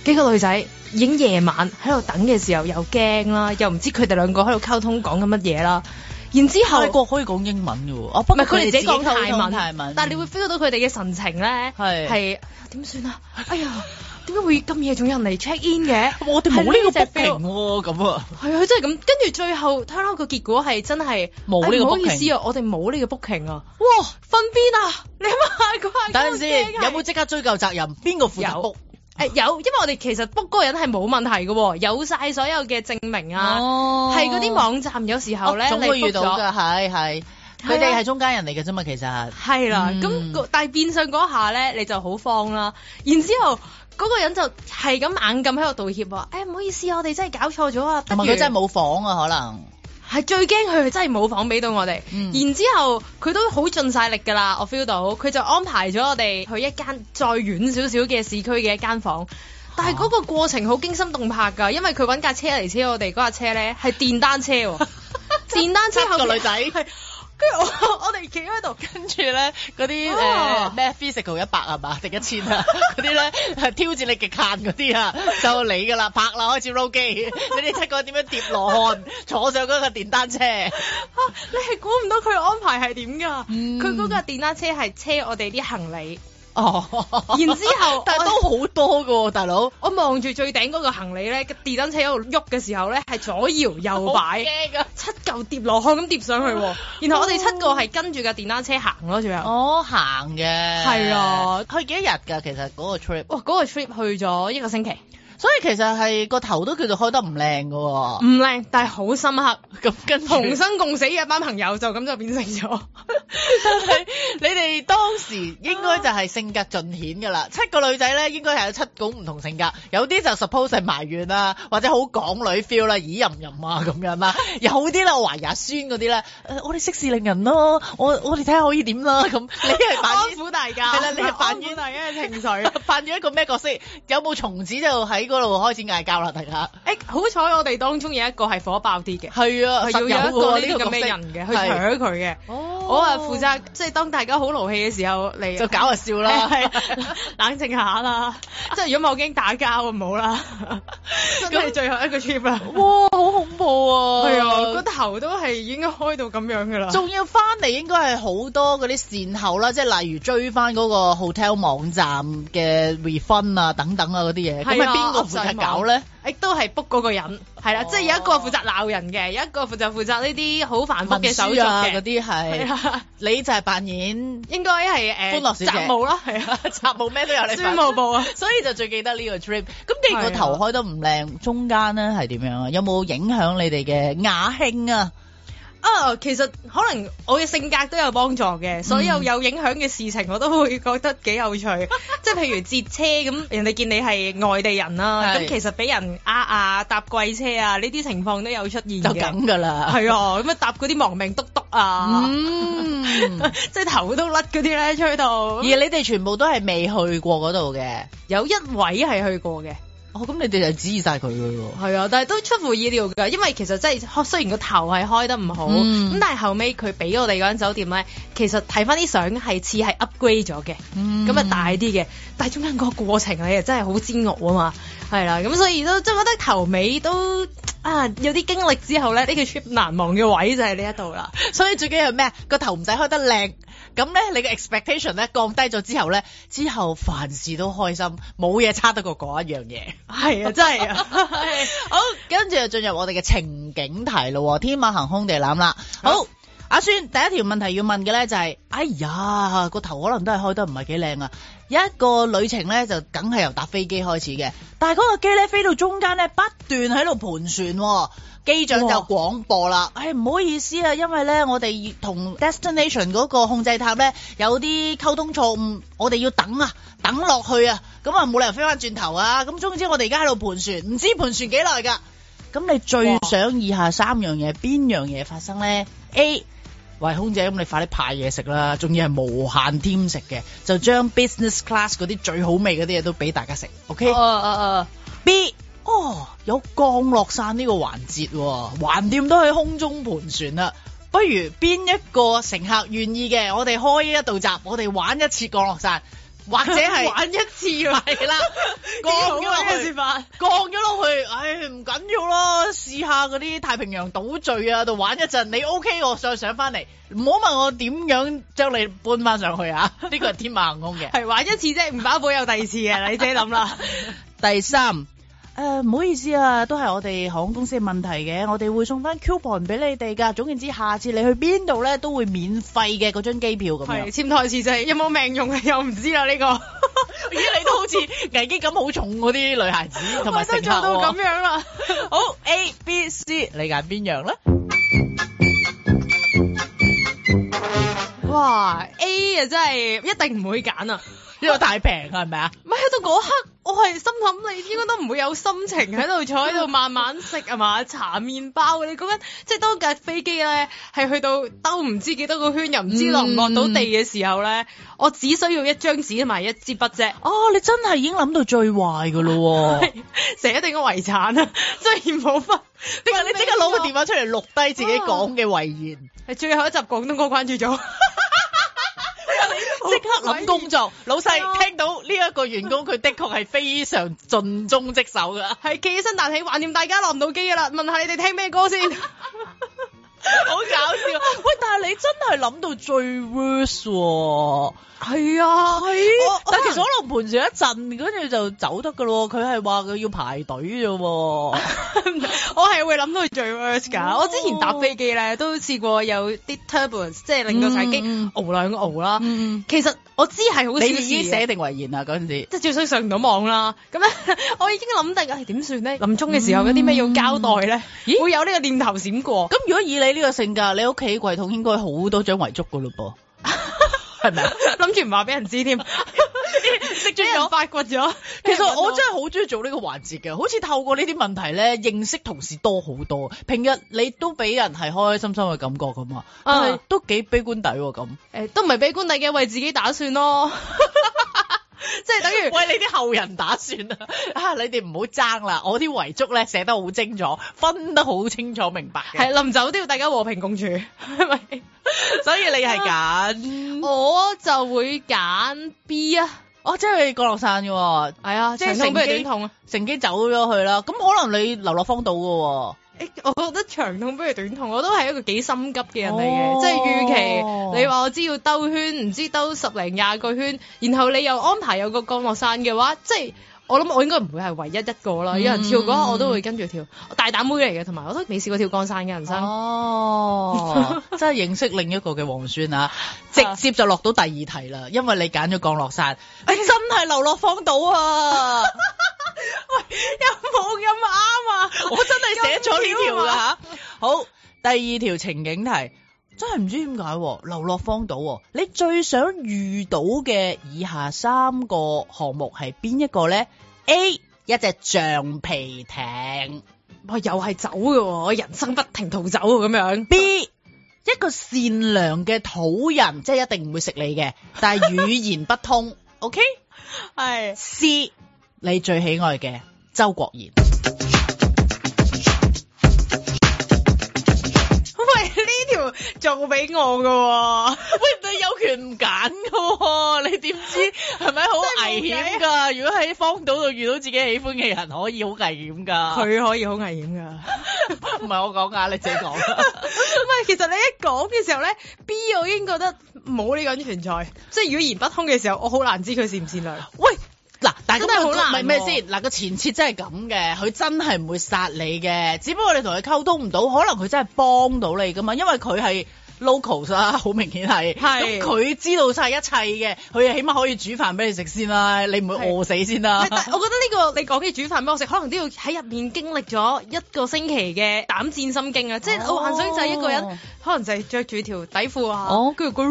幾個女仔已經夜晚喺度等嘅時候，又驚啦，又唔知佢哋兩個喺度溝通講緊乜嘢啦。然之後，泰國可以講英文嘅哦，唔係佢哋自己講泰文。泰文但係你會 feel 到佢哋嘅神情咧，係係點算啊？哎呀，點解、哎、會咁夜仲有人嚟 check in 嘅？我哋冇呢個 booking 喎，咁啊，係啊，佢真係咁。跟住最後睇下個結果係真係冇呢個 booking、哎。唔好意思啊，我哋冇呢個 booking 啊。哇，瞓邊啊？你係咪太怪？等陣先，有冇即刻追究責任？邊個負責？誒、哎、有，因為我哋其實 book 嗰個人係冇問題嘅喎，有晒所有嘅證明啊，係嗰啲網站有時候咧，你仲、哦、會遇到㗎，係係，佢哋係中間人嚟嘅啫嘛，其實係啦，咁的、嗯、但係變相嗰下咧，你就好慌啦，然之後嗰個人就係咁硬咁喺度道歉，誒唔、哎、好意思，我哋真係搞錯咗啊，同埋佢真係冇房啊，可能。係最驚佢係真係冇房俾到我哋，嗯、然之後佢都好盡晒力噶啦，我 feel 到，佢就安排咗我哋去一間再遠少少嘅市區嘅一間房，但係嗰個過程好驚心動魄噶，因為佢搵架車嚟車我哋，嗰架車呢係電單車、哦， 電單車個 女仔。 跟住我我哋企喺度，跟住咧嗰啲誒咩 physical 一百係嘛，定一千啊嗰啲咧係挑戰你極限嗰啲啊，就你㗎啦。拍啦開始 roll 機 你哋七個點樣疊羅漢， 坐上嗰個電單車、啊、你係估唔到佢安排係點㗎？佢嗰、嗯、個電單車係車我哋啲行李。哦、 然之後，但係都好多嘅、哦，大佬。我望住最頂嗰個行李咧， 電單車喺度喐嘅時候咧，係左搖右擺，七嚿疊羅漢咁疊上去、哦。 然後我哋七個係跟住架電單車行咯、啊，仲有。哦，行嘅。係啊的，去幾多日㗎？其實嗰個 trip、哦。哇，嗰個 trip 去咗一個星期。所以其實係個頭都叫做開得唔靚㗎喎，唔靚，但係好深刻。咁 跟同生共死一班朋友就咁就變成咗 你哋當時應該就係性格盡顯㗎啦。七個女仔咧應該係有七種唔同性格，有啲就 suppose 係埋怨啦、啊，或者好港女 feel 啦、啊，咦淫淫啊咁樣啦。有啲咧我懷疑阿孫嗰啲咧，我哋息事寧人咯。我我哋睇下可以點啦。咁你係安撫大家，係啦， 你係扮演大家嘅情緒，扮 演一個咩角色？有冇松子就喺。嗰度開始嗌交啦，大家！誒、欸，好彩我哋當中有一個係火爆啲嘅，係啊，係要有一個呢個咁嘅、呢個、人嘅係去搶佢嘅。哦。Oh, 我啊負責即係當大家好勞氣嘅時候，你就搞下笑啦， 冷靜下啦。 即係如果冇驚打交啊，唔好啦。咁 係的 最後一個 tip 啦。 哇，好恐怖啊！係啊，個 頭都係已經開到咁樣噶啦。仲要翻嚟，應該係好多嗰啲善後啦，即係例如追翻嗰個 hotel 網站嘅 refund 啊等等啊嗰啲嘢。係啊，邊個負責搞咧？嗯亦都係 book 嗰個人，係啦、oh.，即係有一個負責鬧人嘅，有一個負責負責呢啲好繁複嘅手續嗰啲係，啊、的你就係扮演 應該，應該係誒，歡樂雜務咯，係 無啊，雜務咩都有你。宣佈佈啊，所以就最記得呢個 trip。咁既然個頭開得唔靚，的中間咧係點樣啊？有冇影響你哋嘅雅興啊？啊，oh, 其實可能我嘅性格都有幫助嘅，嗯、所有有影響嘅事情我都會覺得幾有趣。即係 譬如截車咁，人哋見你係外地人啦、啊，咁是其實俾人呃啊，啊，搭貴車啊，呢啲情況都有出現就咁㗎啦，係 啊，咁啊搭嗰啲亡命督篤啊，嗯、 即係頭都甩嗰啲咧，出到。而你哋全部都係未去過嗰度嘅，有一位係去過嘅。哦，咁你哋就指意晒佢嘅喎，係啊，但係都出乎意料㗎，因為其實真係雖然個頭係開得唔好，咁、嗯、但係後尾佢俾我哋嗰間酒店咧，其實睇翻啲相係似係 upgrade 咗嘅，咁啊、嗯、大啲嘅，但係中間個過程咧又真係好煎熬啊嘛，係啦、啊，咁所以都即係覺得頭尾都啊有啲經歷之後咧，呢、呢個 trip 難忘嘅位就喺呢一度啦，所以最緊要係咩啊個頭唔使開得靚。咁咧，你嘅 expectation 咧降低咗之後咧，之後凡事都開心，冇嘢差得過嗰一樣嘢。係 啊，真係啊。 好，跟住就進入我哋嘅情景題咯，天馬行空地諗啦。好，Yes. 阿孫第一條問題要問嘅咧就係、是，哎呀，個頭可能都係開得唔係幾靚啊。一個旅程咧就梗係由搭飛機開始嘅，但係嗰個機咧飛到中間咧不斷喺度盤旋喎，機長就廣播啦，唉唔哇、哎、好意思啊，因為咧我哋同 destination 嗰個控制塔咧有啲溝通錯誤，我哋要等啊，等落去啊，咁啊冇理由飛翻轉頭啊，咁總之我哋而家喺度盤旋，唔知盤旋幾耐噶，咁你最想以下三樣嘢邊哇樣嘢發生咧？A 喂，空姐，咁你快啲派嘢食啦，仲要係無限添食嘅，就將 business class 嗰啲最好味嗰啲嘢都俾大家食，OK？哦哦哦。B，哦，有降落傘呢個環節，哦，橫掂都喺空中盤旋啦，啊，不如邊一個乘客願意嘅，我哋開一道閘，我哋玩一次降落傘。或者係 玩一次係啦，降咗落去，降咗落去，唉唔緊要咯，試下嗰啲太平洋島嶼啊度玩一陣，你 OK 我再上翻嚟，唔好問我點樣將你搬翻上去啊，呢 個係天馬行空嘅，係 玩一次啫，唔包保有第二次嘅。你自己諗啦， 第三。誒，唔好意思啊，都係我哋航空公司嘅問題嘅，我哋會送翻 coupon 俾你哋噶。總言之，下次你去邊度咧都會免費嘅嗰張機票咁樣。係簽台詞就係有冇命用又唔知啦呢個。咦，你都好似危機感好重嗰啲女孩子同埋乘客。誇張到咁樣啦。好，A、B、C，你揀邊樣咧？哇，A 啊真係一定唔會揀啊！呢個太平係咪啊？唔係，到嗰刻我係心諗你應該都唔會有心情喺度坐喺度慢慢食係嘛， 搽麵包。你覺得？即係當架飛機咧係去到兜唔知幾多個圈，又唔知落唔落到地嘅時候咧，嗯、我只需要一張紙同埋一支筆啫。哦，你真係已經諗到最壞噶咯，寫定嘅遺產啊，即係欠好翻。點解你即刻攞個電話出嚟錄低自己講嘅遺言？係、啊、最後一集廣東歌關注咗。 即 刻諗工作，老細 聽到呢一、這個員工，佢的確係非常盡忠職守噶係企 起身彈起懷念大家落唔到機啦。問下你哋聽咩歌先，好搞笑。喂，但係你真係諗到最 worst 係啊，係，但其實可能盤住一陣，跟住就走得噶咯。佢係話佢要排隊啫。我係會諗到佢最 worst 噶。我之前搭飛機咧都試過有啲 turbulence，即係令到成機搖兩搖啦。其實我知係好自己寫定遺言啊，嗰陣時即係最衰上唔到網啦。咁咧，我已經諗定係點算咧。臨終嘅時候有啲咩要交代咧？會有呢個念頭閃過。咁如果以你呢個性格，你屋企櫃桶應該好多張遺囑噶咯噃。係咪諗住唔話俾人知添，識咗，發掘咗。 其實我真係好中意做呢個環節嘅，好似透過呢啲問題咧，認識同事多好多。平日你都俾人係開開心心嘅感覺咁啊，但係都幾悲觀底咁，啊。誒、啊欸，都唔係悲觀底嘅，為自己打算咯。 即係等於為你啲後人打算啊！ 啊，你哋唔好爭啦，我啲遺囑咧寫得好清楚，分得好清楚明白嘅，係臨走都要大家和平共處，係咪？ 所以你係揀， 我就會揀 B 啊！我真係過落山嘅，係啊，即係乘機，乘機、哎呀啊、走咗去啦。咁可能你流落荒島嘅、啊。誒、欸，我覺得長痛不如短痛，我都係一個幾心急嘅人嚟嘅，哦、即係與其你話我知要兜圈，唔知兜十零廿個圈，然後你又安排有個降落傘嘅話，即係。我諗我應該唔會係唯一一個啦，有人、嗯、跳嗰刻我都會跟住跳，嗯、大膽妹嚟嘅，同埋我都未試過跳江山嘅人生，哦， 真係認識另一個嘅黃宣啊，直接就落到第二題啦，因為你揀咗降落傘、哎，真係流落荒島啊， 喂，有冇咁啱啊， 我真係寫咗呢條啦吓，好，第二條情景題。真係唔知點解、啊、流落荒島、啊，你最想遇到嘅以下三個項目係邊一個呢 a 一隻橡皮艇？喂，又係走嘅、啊，我人生不停逃走咁、啊、樣。B 一個善良嘅土人，即係一定唔會食你嘅，但係語言不通。OK，係 C 你最喜愛嘅周國賢。做俾我嘅、哦，喂，你有權唔揀嘅，你點知係咪好危險噶？ 如果喺荒島度遇到自己喜歡嘅人，可以好危險噶。佢可以好危險噶，唔係我講啊，你自己講。唔係，其實你一講嘅時候咧，B 我已經覺得冇呢個人存在。即係語言不通嘅時候，我好難知佢善唔善良。 喂。但真係好難，係咩先？嗱，個前設真係咁嘅，佢真係唔會殺你嘅，只不過你同佢溝通唔到，可能佢真係幫到你噶嘛，因為佢係。locals 啊，好明顯係。係。佢知道晒一切嘅，佢起碼可以煮飯俾你食先啦，你唔會餓死先啦。但我覺得呢個你講起煮飯俾我食，可能都要喺入面經歷咗一個星期嘅膽戰心驚啊！即係我幻想就係一個人，可能就係着住條底褲啊，跟住佢，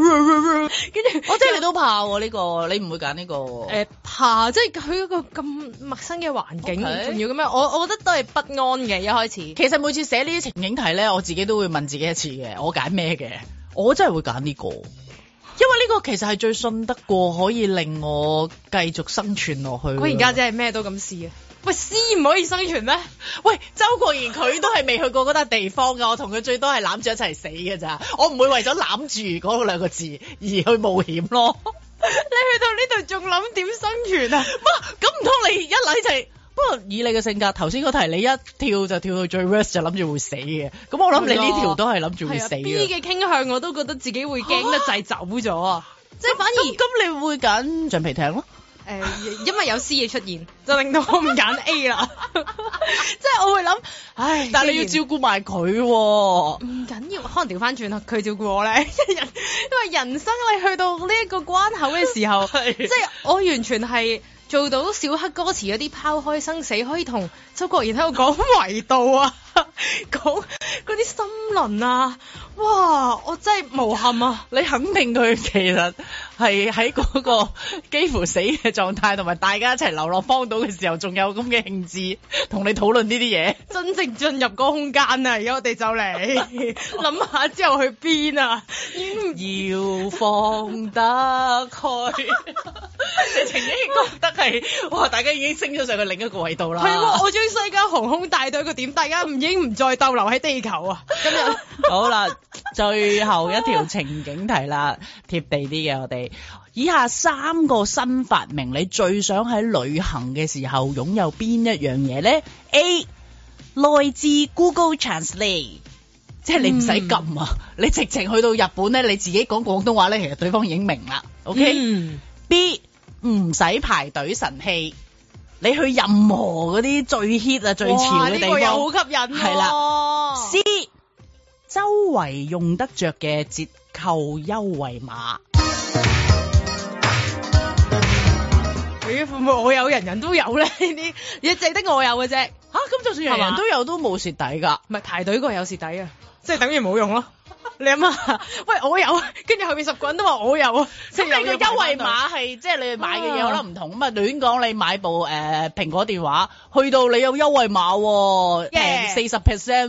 跟住我真係都怕喎呢個，你唔會揀呢個。誒，怕即係佢一個咁陌生嘅環境，仲要咁樣，我我覺得都係不安嘅一開始。其實每次寫呢啲情景題咧，我自己都會問自己一次嘅，我揀咩嘅？我真係會揀呢個，因為呢個其實係最信得過，可以令我繼續生存落去。佢而家真係咩都敢試，喂，試唔可以生存咩？喂，周國賢佢都係未去過嗰笪地方噶，我同佢最多係攬住一齊死噶咋，我唔會為咗攬住嗰兩個字而去冒險咯。 你去到呢度仲諗點生存啊？哇，咁唔通你一嚟就？不過以你嘅性格，頭先嗰題你一跳就跳到最 rest 就諗住會死嘅，咁我諗你呢條都係諗住會死嘅。B 嘅傾向我都覺得自己會驚得滯走咗啊！即係反而咁你會揀橡皮艇咯？誒、呃，因為有 C 嘢出現， 就令到我唔揀 A 啦。 即係我會諗，唉，然但係你要照顧埋佢喎。唔緊要，可能調翻轉啦，佢照顧我咧。 因為人生你去到呢一個關口嘅時候，即係 我完全係。 做到小黑歌詞有啲拋開生死，可以同周國賢喺度講維度啊，講嗰啲森林啊。哇！我真係無憾啊！你肯定佢其實係喺嗰個幾乎死嘅狀態，同埋大家一齊流落荒島嘅時候，仲有咁嘅興致同你討論呢啲嘢。真正進入嗰個空間啊，而家我哋就嚟諗下之後去邊啊！要 放得開，你情已經覺得係哇！大家已經升咗上去另一個位度啦。係、啊、我將西加航空大隊嘅點，大家唔已經唔再逗留喺地球啊！今日 好啦。 最後一條情景題啦，貼 地啲嘅我哋。以下三個新發明，你最想喺旅行嘅時候擁有邊一樣嘢咧？A，內置 Google Translate，嗯、即係你唔使撳啊，你直情去到日本咧，你自己講廣東話咧，其實對方已經明啦。OK、嗯。B，唔使排隊神器，你去任何嗰啲最 hit 啊、哇最潮嘅地方。呢個又好吸引、啊。係啦。 周圍用得着嘅折扣優惠碼，咦？我有人人都有咧呢啲，亦淨得我有嘅啫。吓、啊，咁就算人人都有都冇蝕底噶，唔係吧排隊個有蝕底啊，即係等於冇用咯。你諗下，喂我有，跟住後面十個人都話我有，啊。即你個優惠碼係 即係你，啊、你買嘅嘢可能唔同，咁啊亂講你買部誒蘋果電話，去到你有優惠碼，哦，平四十 percent 咁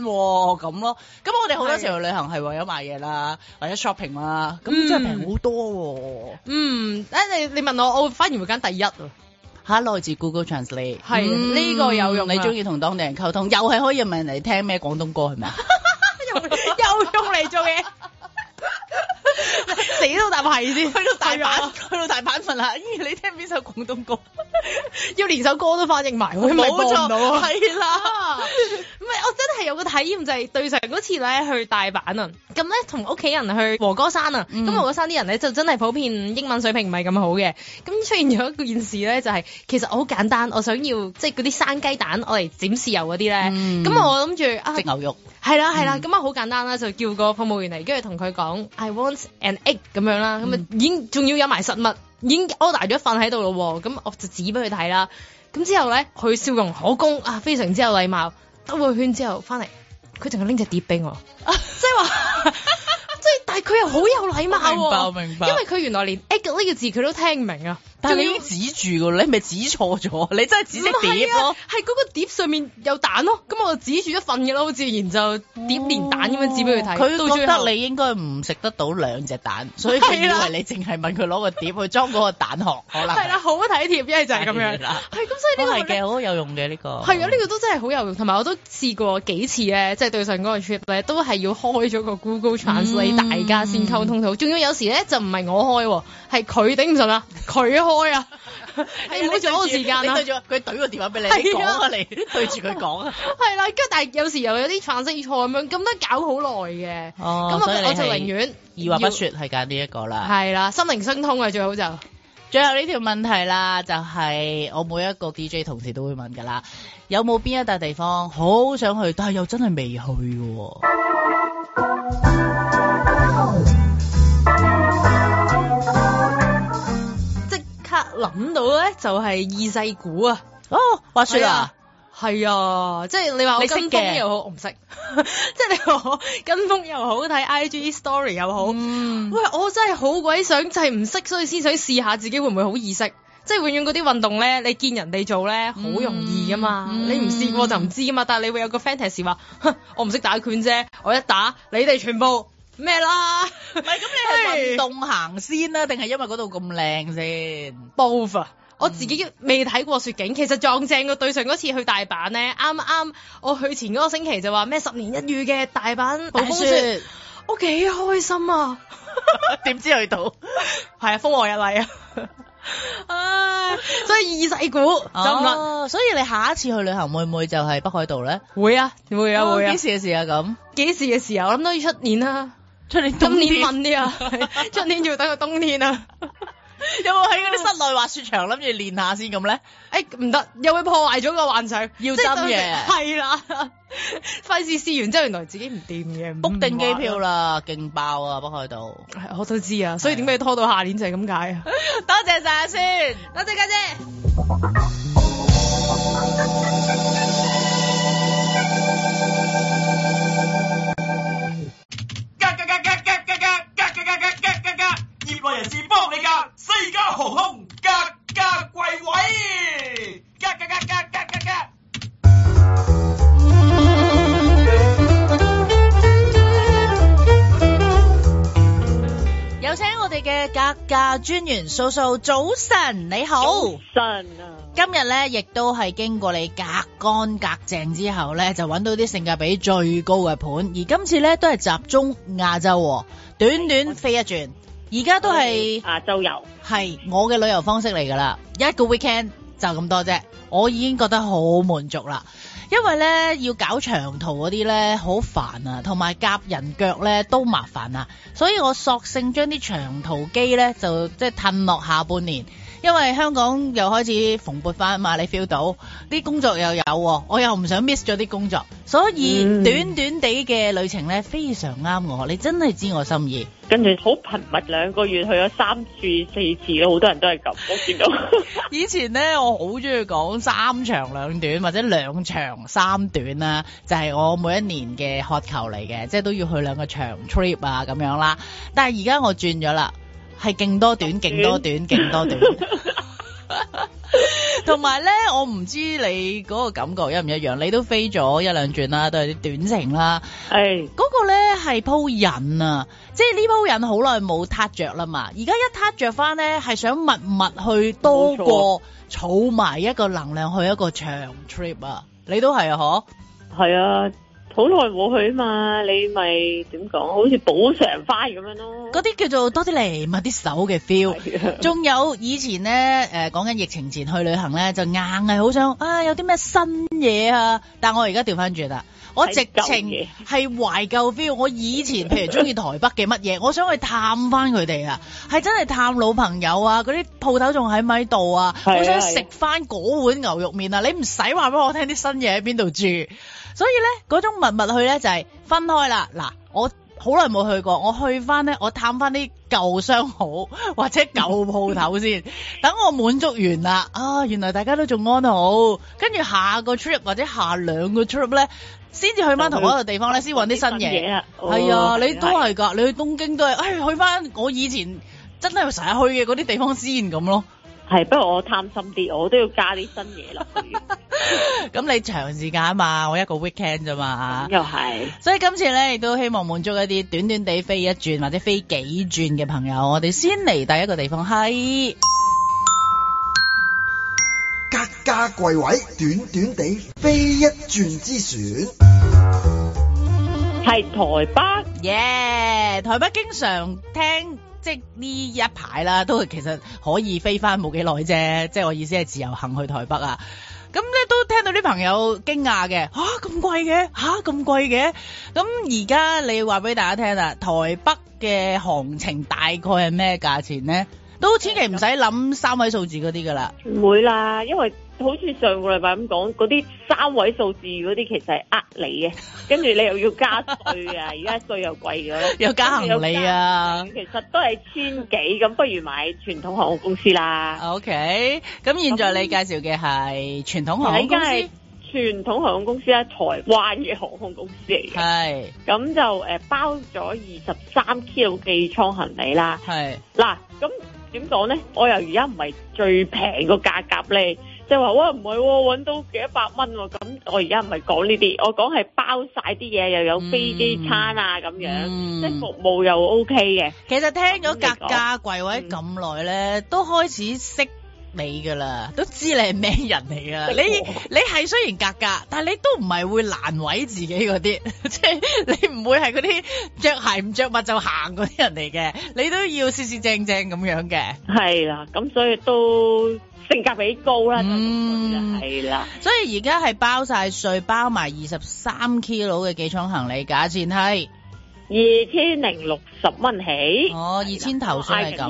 咯。咁我哋好多時候旅行係為咗買嘢啦，或者 shopping 啦，咁真係平好多，哦。嗯，誒、嗯、你你問我，我反而會揀第一。啊的。嚇、嗯，來自 Google Translate，係呢個有用。你中意同當地人溝通，又係可以問人哋聽咩廣東歌，係咪啊？ 又用嚟做嘢。死都大牌先，去到大阪，去到大阪問啊，咦？你聽邊首廣東歌？要連首歌都翻譯埋，冇錯。係啦，唔係我真係有個體驗，就係對上嗰次咧去大阪啊，咁咧同屋企人去和歌山啊，咁和歌山啲人咧就真係普遍英文水平唔係咁好嘅。咁出現咗一件事咧，就係其實我好簡單，我想要即係嗰啲生雞蛋，我嚟點豉油嗰啲咧。咁我諗住啊，即牛肉。係啦係啦，咁啊好簡單啦，就叫個服務員嚟，跟住同佢講。講 I want an egg 咁、嗯、樣啦，咁啊已經仲要有埋實物，已經 order 咗份喺度咯喎，咁我就指俾佢睇啦。咁之後咧，佢笑容可掬啊，非常之有禮貌兜個圈之後翻嚟，佢淨係拎隻碟俾我，即係話即係，但係佢又好有禮貌，明白明白，明白因為佢原來連 egg 呢、這個字佢都聽唔明啊。但你已經指住噶，你係咪指錯咗？你真係指隻碟咯，係嗰、啊、個碟上面有蛋咯。咁我就指住一份嘅啦，好似，然就碟連蛋咁樣指俾佢睇。佢都、哦、覺得你應該唔食得到兩隻蛋，所以佢以為你淨係問佢攞個碟去裝嗰個蛋殼。好啦的，好體貼，因為就係咁樣。係咁的， 所以呢、這個都係嘅，好有用嘅呢、這個。係啊，呢、這個都真係好有用，同埋我都試過幾次咧，即、就、係、是、對上嗰個 trip 咧，都係要開咗個 Google Translate、嗯、大家先溝通到。仲要有，有時咧就唔係我開。係佢頂唔順啊，佢開啊， 你唔好阻我時間啊。佢懟個電話俾你講啊，你對住佢講啊。係啦、 啊，跟 但係有時又有啲犯色錯咁樣，咁都搞好耐嘅。咁我就寧願二話不說係揀呢一個啦。係啦，心靈相通係、啊、最好就。最後呢條問題啦，就係、是、我每一個 DJ 同事都會問噶啦，有冇邊一笪地方好想去，但係又真係未去喎？諗到咧就係二世祖啊，哦滑雪啊，係啊，即係你話我跟風又好，我唔不識 即係你話我跟風又好、睇 IG story 又好、嗯、喂我真係好鬼想，就係唔識，所以先想試下自己會唔會好易識。即係永遠嗰啲運動咧，你見人哋做咧好容易噶嘛、嗯、你唔試過就唔知噶嘛，但係你會有個 fantasy 話我唔識打拳啫，我一打你哋全部。咩啦？唔係咁，你係運動行先啦，啊，定係因為嗰度咁靚先？Both 啊！我自己未睇過雪景，嗯、其實撞正個對上嗰次去大阪咧，啱啱我去前嗰個星期就話咩十年一遇嘅大阪暴風雪， 我幾開心啊！點 知去到係啊，風和日麗啊！唉，真係二世古，哦。所以你下一次去旅行會唔會就係北海道咧？會啊，會啊，會啊！幾時嘅事啊？咁幾時嘅事啊？我諗都要出年啦。出年冬天啲啊，出年要等到冬天啊。 有冇喺嗰啲室內滑雪場諗住練下先咁咧？哎、欸，唔得，又會破壞咗個幻想。要真嘅，係啦。費事試完之後，原來自己唔掂嘅。book 定機票啦，勁爆啊，北海道。我都知啊，所以點解拖到下年就係咁解啊？多謝晒阿先，多謝家姐。 加加加加加！業內人士幫你噶，西加航空加加貴位，加加加加加加加。嘅格價專員，素素,早晨你好。早晨啊，今日咧亦都係經過你格乾格淨之後咧，就揾到啲性價比最高嘅盤，而今次咧都係集中亞洲，短短飛一轉，而家都係亞洲遊，係我嘅旅遊方式嚟噶啦，一個 weekend 就咁多啫，我已經覺得好滿足啦。因為咧要搞長途嗰啲咧好煩啊，同埋夾人腳咧都麻煩啊，所以我索性將啲長途機咧就即係褪落下半年。因為香港又開始蓬勃翻嘛，你 feel 到啲工作又有，我又唔想 miss 咗啲工作，所以短短地嘅旅程呢非常啱我，你真係知我心意。跟住好頻密，兩個月去咗三次四次咯，好多人都係咁，我見到。以前呢，我好中意講三長兩短或者兩長三短啦，就係、是、我每一年嘅渴求嚟嘅，即係都要去兩個長 trip 啊咁樣啦。但係而家我轉咗啦。係勁，段勁多短，勁多短，勁多短。同埋咧，我唔知你嗰個感覺一唔一樣，你都飛咗一兩轉啦，都係啲短程啦。係嗰、哎、個咧係鋪癮啊，即係呢鋪癮好耐冇撻着啦嘛，而家一撻着翻咧，係想密密去多過錯儲埋一個能量去一個長 trip 啊！你都係啊，嗬？係啊。好耐冇去啊嘛，你咪點講，好似補償翻咁樣咯。嗰啲叫做多啲嚟抹啲手嘅 feel。仲 有以前咧，誒、呃、講緊疫情前去旅行咧，就硬係好想啊，有啲咩新嘢啊？但我而家調翻轉啦。我直情係懷舊 feel，我以前譬如中意台北嘅乜嘢， 我想去探翻佢哋啊，係真係探老朋友啊，嗰啲鋪頭仲喺咪度啊，是啊我想食翻嗰碗牛肉麵啊，你唔使話俾我聽啲新嘢喺邊度住，所以咧嗰種物物去咧就係、是、分開啦，嗱我。好耐冇去過，我去翻咧，我探翻啲舊商號或者舊鋪頭先。 等我滿足完啦，啊，原來大家都仲安好。跟住下個 trip 或者下兩個 trip 咧，先至去翻同一個地方咧，先搵啲新嘢。係、哦、啊，你都係噶，是是你去東京都係，唉、哎，去翻我以前真係成日去嘅嗰啲地方先咁咯。係，不過我貪心啲，我都要加啲新嘢落去。咁你長時間啊嘛，我一個 weekend 咋嘛，嗯。又係，所以今次咧亦都希望滿足一啲短短地飛一轉或者飛幾轉嘅朋友。我哋先嚟第一個地方，係格加櫃位，短短地飛一轉之船。係 台北。耶，yeah, 台北經常聽。即係呢一排啦，都其實可以飛翻冇幾耐啫。即係我意思係自由行去台北啊。咁、嗯、咧都聽到啲朋友驚訝嘅，嚇、啊、咁貴嘅，嚇、啊、咁貴嘅。咁而家你話俾大家聽啦，台北嘅行情大概係咩價錢咧？都千祈唔使諗三位數字嗰啲噶啦。唔會啦，因為。好似上個禮拜咁講，嗰啲三位數字嗰啲其實係呃你嘅，跟住你又要加稅啊！而家稅又貴咗，又加行李啊，其實都係千幾咁，不如買傳統航空公司啦。OK，咁現在你介紹嘅係傳統航空公司，而家係傳統航空公司咧，台灣嘅航空公司嚟嘅，係咁就誒包咗二十三 kilogram 寄艙行李啦。係嗱，咁點講咧？我又而家唔係最平個價格咧。就係話，哇，唔係喎，搵到幾百蚊喎，哦。咁我而家唔係講呢啲，我講係包晒啲嘢，又有飛機餐啊，咁樣，嗯、即係服務又 O K 嘅。其實聽咗格價貴位咁耐咧，嗯、都開始識你噶啦，都知你係咩人嚟啦的。你你係雖然格價，但係你都唔係會難為自己嗰啲，即 係你唔會係嗰啲着鞋唔着襪就行嗰啲人嚟嘅。你都要四四正正咁樣嘅。係啦，咁所以都。性價比高啦，嗯，係啦，所以而家係包曬稅，包埋二十三 kilo 嘅寄艙行李，價錢係二千零六十蚊起，哦，二千頭算係咁，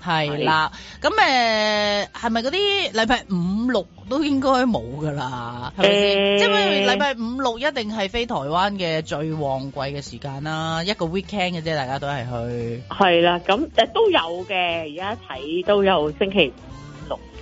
二千係啦，咁誒係咪嗰啲禮拜五六都應該冇㗎啦，係咪先？即係譬如禮拜五六一定係飛台灣嘅最旺季嘅時間啦，一個 weekend 嘅啫，大家都係去。係啦，咁誒都有嘅，而家睇都有星期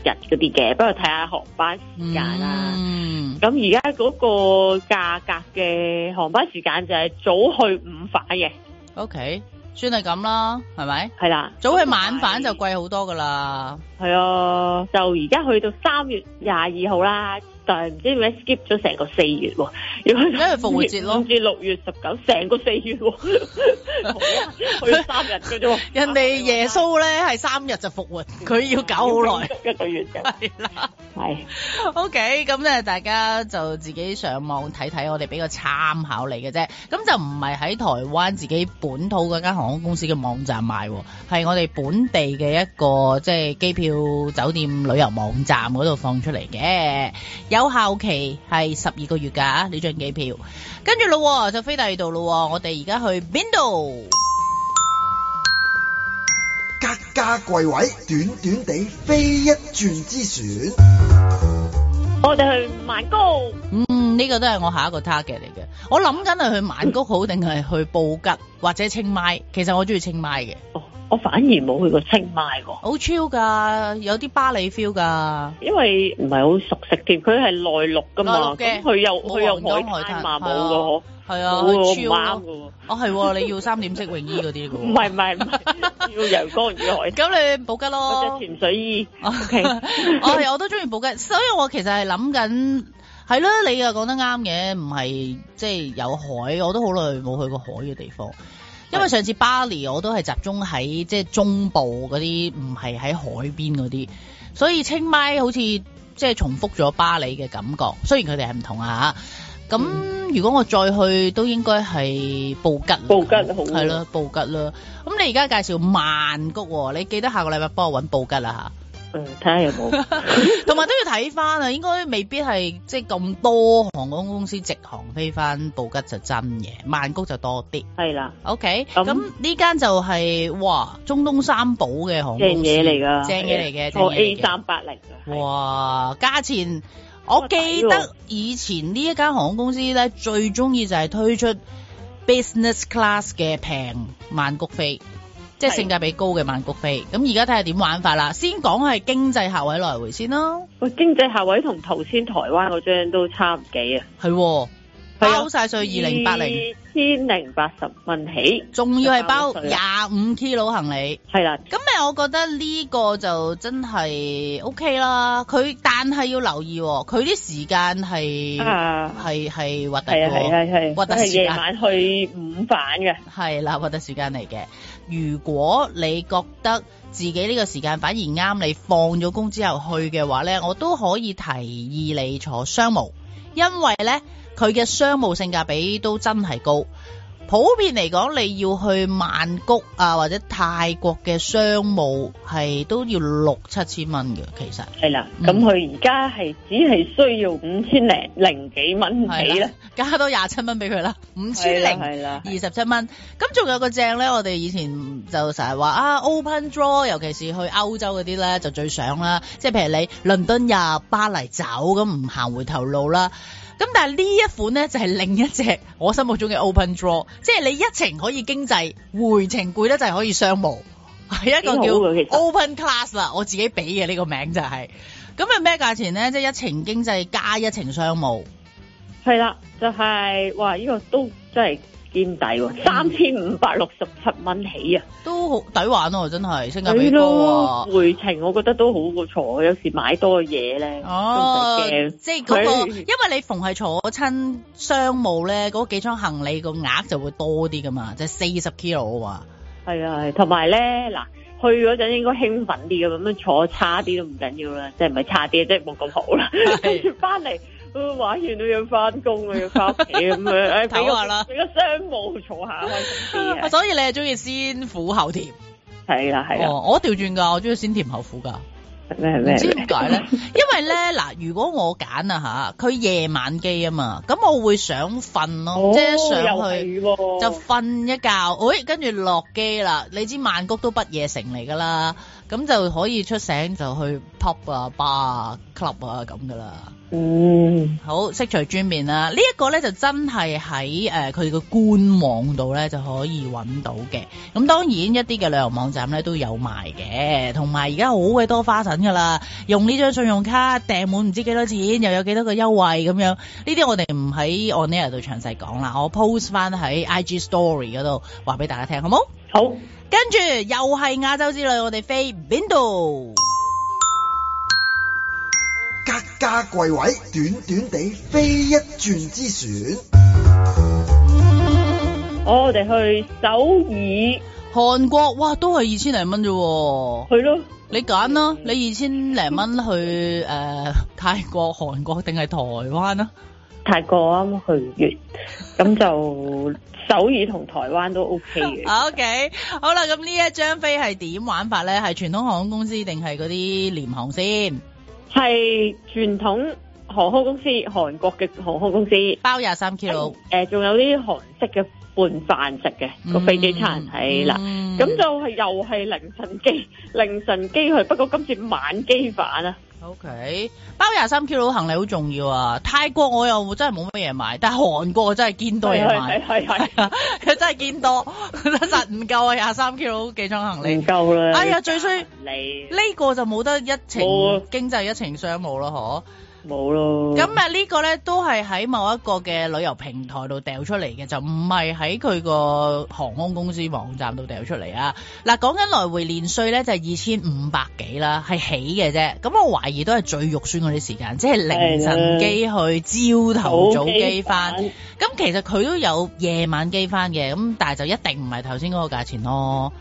日嗰啲嘅，不過睇下航班時間啦。嗯，咁而家嗰個價格嘅航班時間就係早去午返嘅。OK，算係咁啦，係咪？係啦，早去晚返就貴好多噶啦。係啊，就而家去到三月廿二號啦。但係唔知點解 skip 咗成個四月喎？如果因為復活節咯？五至六月十九，成個四月，去咗三日嘅啫。 啊、 人哋耶穌咧係三日就復活，佢要搞好耐一個月嘅。係啦，係是。OK，咁咧大家就自己上網睇睇，我哋畀個參考嚟嘅啫。咁就唔係喺台灣自己本土嗰間航空公司嘅網站買，係我哋本地嘅一個即係、就是、機票、酒店、旅遊網站嗰度放出嚟嘅。有效期係十二個月噶，你張機票跟住咯就飛第二度咯。我哋而家去邊度？格價貴位，短短地飛一轉之船。我哋去曼谷。嗯，呢個都係我下一個 target 嚟嘅。我諗緊係去曼谷好定係去布吉或者清邁？其實我中意清邁嘅。我反而冇去過清邁喎，好超噶，有啲巴厘 feel 噶，因為唔係好熟悉添，佢係內陸噶嘛，咁佢又佢又陽光海灘冇咯，係啊，好超啱噶，哦係，你要三點式泳衣嗰啲噶，唔係唔係，要陽光與海，咁你布吉咯，着潛水衣，OK，我係我都中意布吉，所以我其實係諗緊，係咯，你又講得啱嘅，唔係即係有海，我都好耐冇去過海嘅地方。因為上次巴黎我都係集中喺即係中部嗰啲，唔係喺海邊嗰啲，所以清邁好似即係重複咗巴黎嘅感覺，雖然佢哋係唔同、嗯、啊咁如果我再去都應該係布，布吉，啊好啊、布吉好係咯布吉咯。咁你而家介紹曼谷、哦，你記得下個禮拜幫我揾布吉啦吓。誒，睇下、嗯、有冇， 同埋都要睇翻啊，應該未必係即係咁多航空公司直航飛翻布吉就真嘢，曼谷就多啲。係啦，OK，咁呢、嗯、間就係、是、哇，中東三寶嘅航空正嘢嚟噶，正嘢嚟嘅，即的。A380。哇，價錢，我記得以前呢一間航空公司咧最中意就係推出 business class 嘅平曼谷飛。即係性價比高嘅曼谷飛，咁而家睇下點玩法啦。先講係經濟客位來回先咯。喂，經濟客位同頭先台灣嗰張都差唔幾啊。係，包晒稅二零八零。二千零八十蚊起，仲要係包廿五 kilo 行李。係啦的，咁咪我覺得呢個就真係 OK 啦。佢但係要留意，哦，佢啲時間係係係核突㗎。係啊係係係。核突時間。夜晚去午飯嘅。係啦，核突時間嚟嘅。如果你覺得自己呢個時間反而啱你放咗工之後去嘅話呢，我都可以提議你坐商務，因為呢佢嘅商務性價比都真係高。普遍嚟講，你要去曼谷啊，或者泰國嘅商務係都要六七千蚊嘅，其實。係啦的。咁佢而家係只係需要五千零零幾蚊幾咧，加多廿七蚊俾佢啦，五千零係啦，二十七蚊。咁仲有個正咧，我哋以前就成日話啊，open jaw，尤其是去歐洲嗰啲咧就最想啦，即係譬如你倫敦入巴黎走，咁唔行回頭路啦。咁但係呢一款咧就係、是、另一隻我心目中嘅 open draw，即係你一程可以經濟，回程攰咧就係可以商務，係一個叫 open class 啦，我自己俾嘅呢個名就係、是，咁啊咩價錢咧？即係一程經濟加一程商務，係啦，就係、是，哇，呢、這個都即係。兼抵喎，三千五百六十七蚊起啊，都好抵玩咯、啊，真係，性價比高、啊。回程我覺得都好過坐，有時買多嘢咧，哦、即係嗰、那個、是因為你逢係坐親商務咧，嗰幾張行李個額就會多啲噶嘛，即係四十 kilo 啊嘛。係啊，同埋咧，嗱，去嗰陣應該興奮啲嘅，咁樣坐差啲都唔緊要啦，即係唔係差啲，即係冇咁好啦，跟住翻嚟。 玩完都要翻工啊，要翻點啊？你話啦，你個商務坐下咪點？ 所以你係中意先苦後甜？係啦係啦，我調轉噶，我中意先甜後苦噶。咩咩？唔知點解咧？ 因為咧嗱，如果我揀啊吓，佢夜晚機啊嘛，咁我會想瞓咯，哦、即係上去、哦、就瞓一覺。誒、哎，跟住落機啦。你知曼谷都不夜城嚟噶啦，咁就可以出醒就去 pop 啊、bar 啊 club 啊咁噶啦。嗯，好，識除專面啦，這個、呢一個咧就真係喺誒佢個官網度咧就可以揾到嘅。咁、嗯、當然一啲嘅旅遊網站咧都有賣嘅，同埋而家好鬼多花臣㗎喇，用呢張信用卡訂滿唔知幾多錢，又有幾多個優惠咁樣。呢啲我哋唔喺 on air 度詳細講啦，我 post 翻喺 IG story 嗰度話俾大家聽，好冇？好，好跟住又係亞洲之旅，我哋飛邊度？格價貴位，短短地飛一轉之船。哦、我哋去首爾、韓國，哇，都係二千零蚊啫。係咯的，你揀啦，嗯、你二千零蚊去誒、呃、泰國、韓國定係台灣啊？泰國啱去完，咁就首爾同台灣都 OK 嘅。 OK，好啦，咁呢一張飛係點玩法咧？係傳統航空公司定係嗰啲廉航先？係傳統航空公司，韓國嘅航空公司包廿三 K，誒，仲、嗯呃、有啲韓式嘅拌飯食嘅個飛機餐，係啦，咁、嗯嗯、就係又係凌晨機，凌晨機去，不過今次晚機返啊。O、okay. K，包括廿三 K 佬行李好重要啊！泰國我又真係冇乜嘢買，但係韓國我真係見多嘢買，係係係，真係見多，實唔夠啊！廿三 K 佬幾箱行李唔夠啦，哎呀最衰呢個就冇得一程我經濟一程商務咯，嗬。冇咯，咁啊、這個、呢個咧都係喺某一個嘅旅遊平台度掉出嚟嘅，就唔係喺佢個航空公司網站度掉出嚟啊。嗱，講緊來回連稅呢，就係二千五百幾啦，係起嘅啫。咁我懷疑都係最肉酸嗰啲時間，即係凌晨機去，朝頭的早機翻。咁其實佢都有夜晚機翻嘅，咁但係就一定唔係頭先嗰個價錢咯。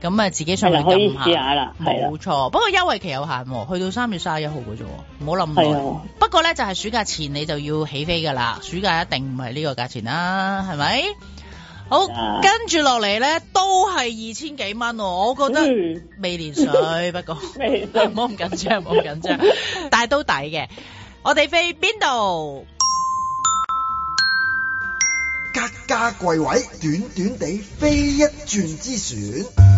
咁啊，自己上去任下啦，冇錯錯。的不過優惠期有限、啊，去到三月三十一號嘅啫，唔好諗咁耐。不過咧就係暑假前你就要起飛噶啦，暑假一定唔係呢個價錢啦、啊，係咪？好，的跟住落嚟咧都係二千幾蚊，我覺得未連水， 不過未，唔好咁緊張，唔好咁緊張，但係都抵嘅。我哋飛邊度？ 格價櫃位，短短地飛一轉之選。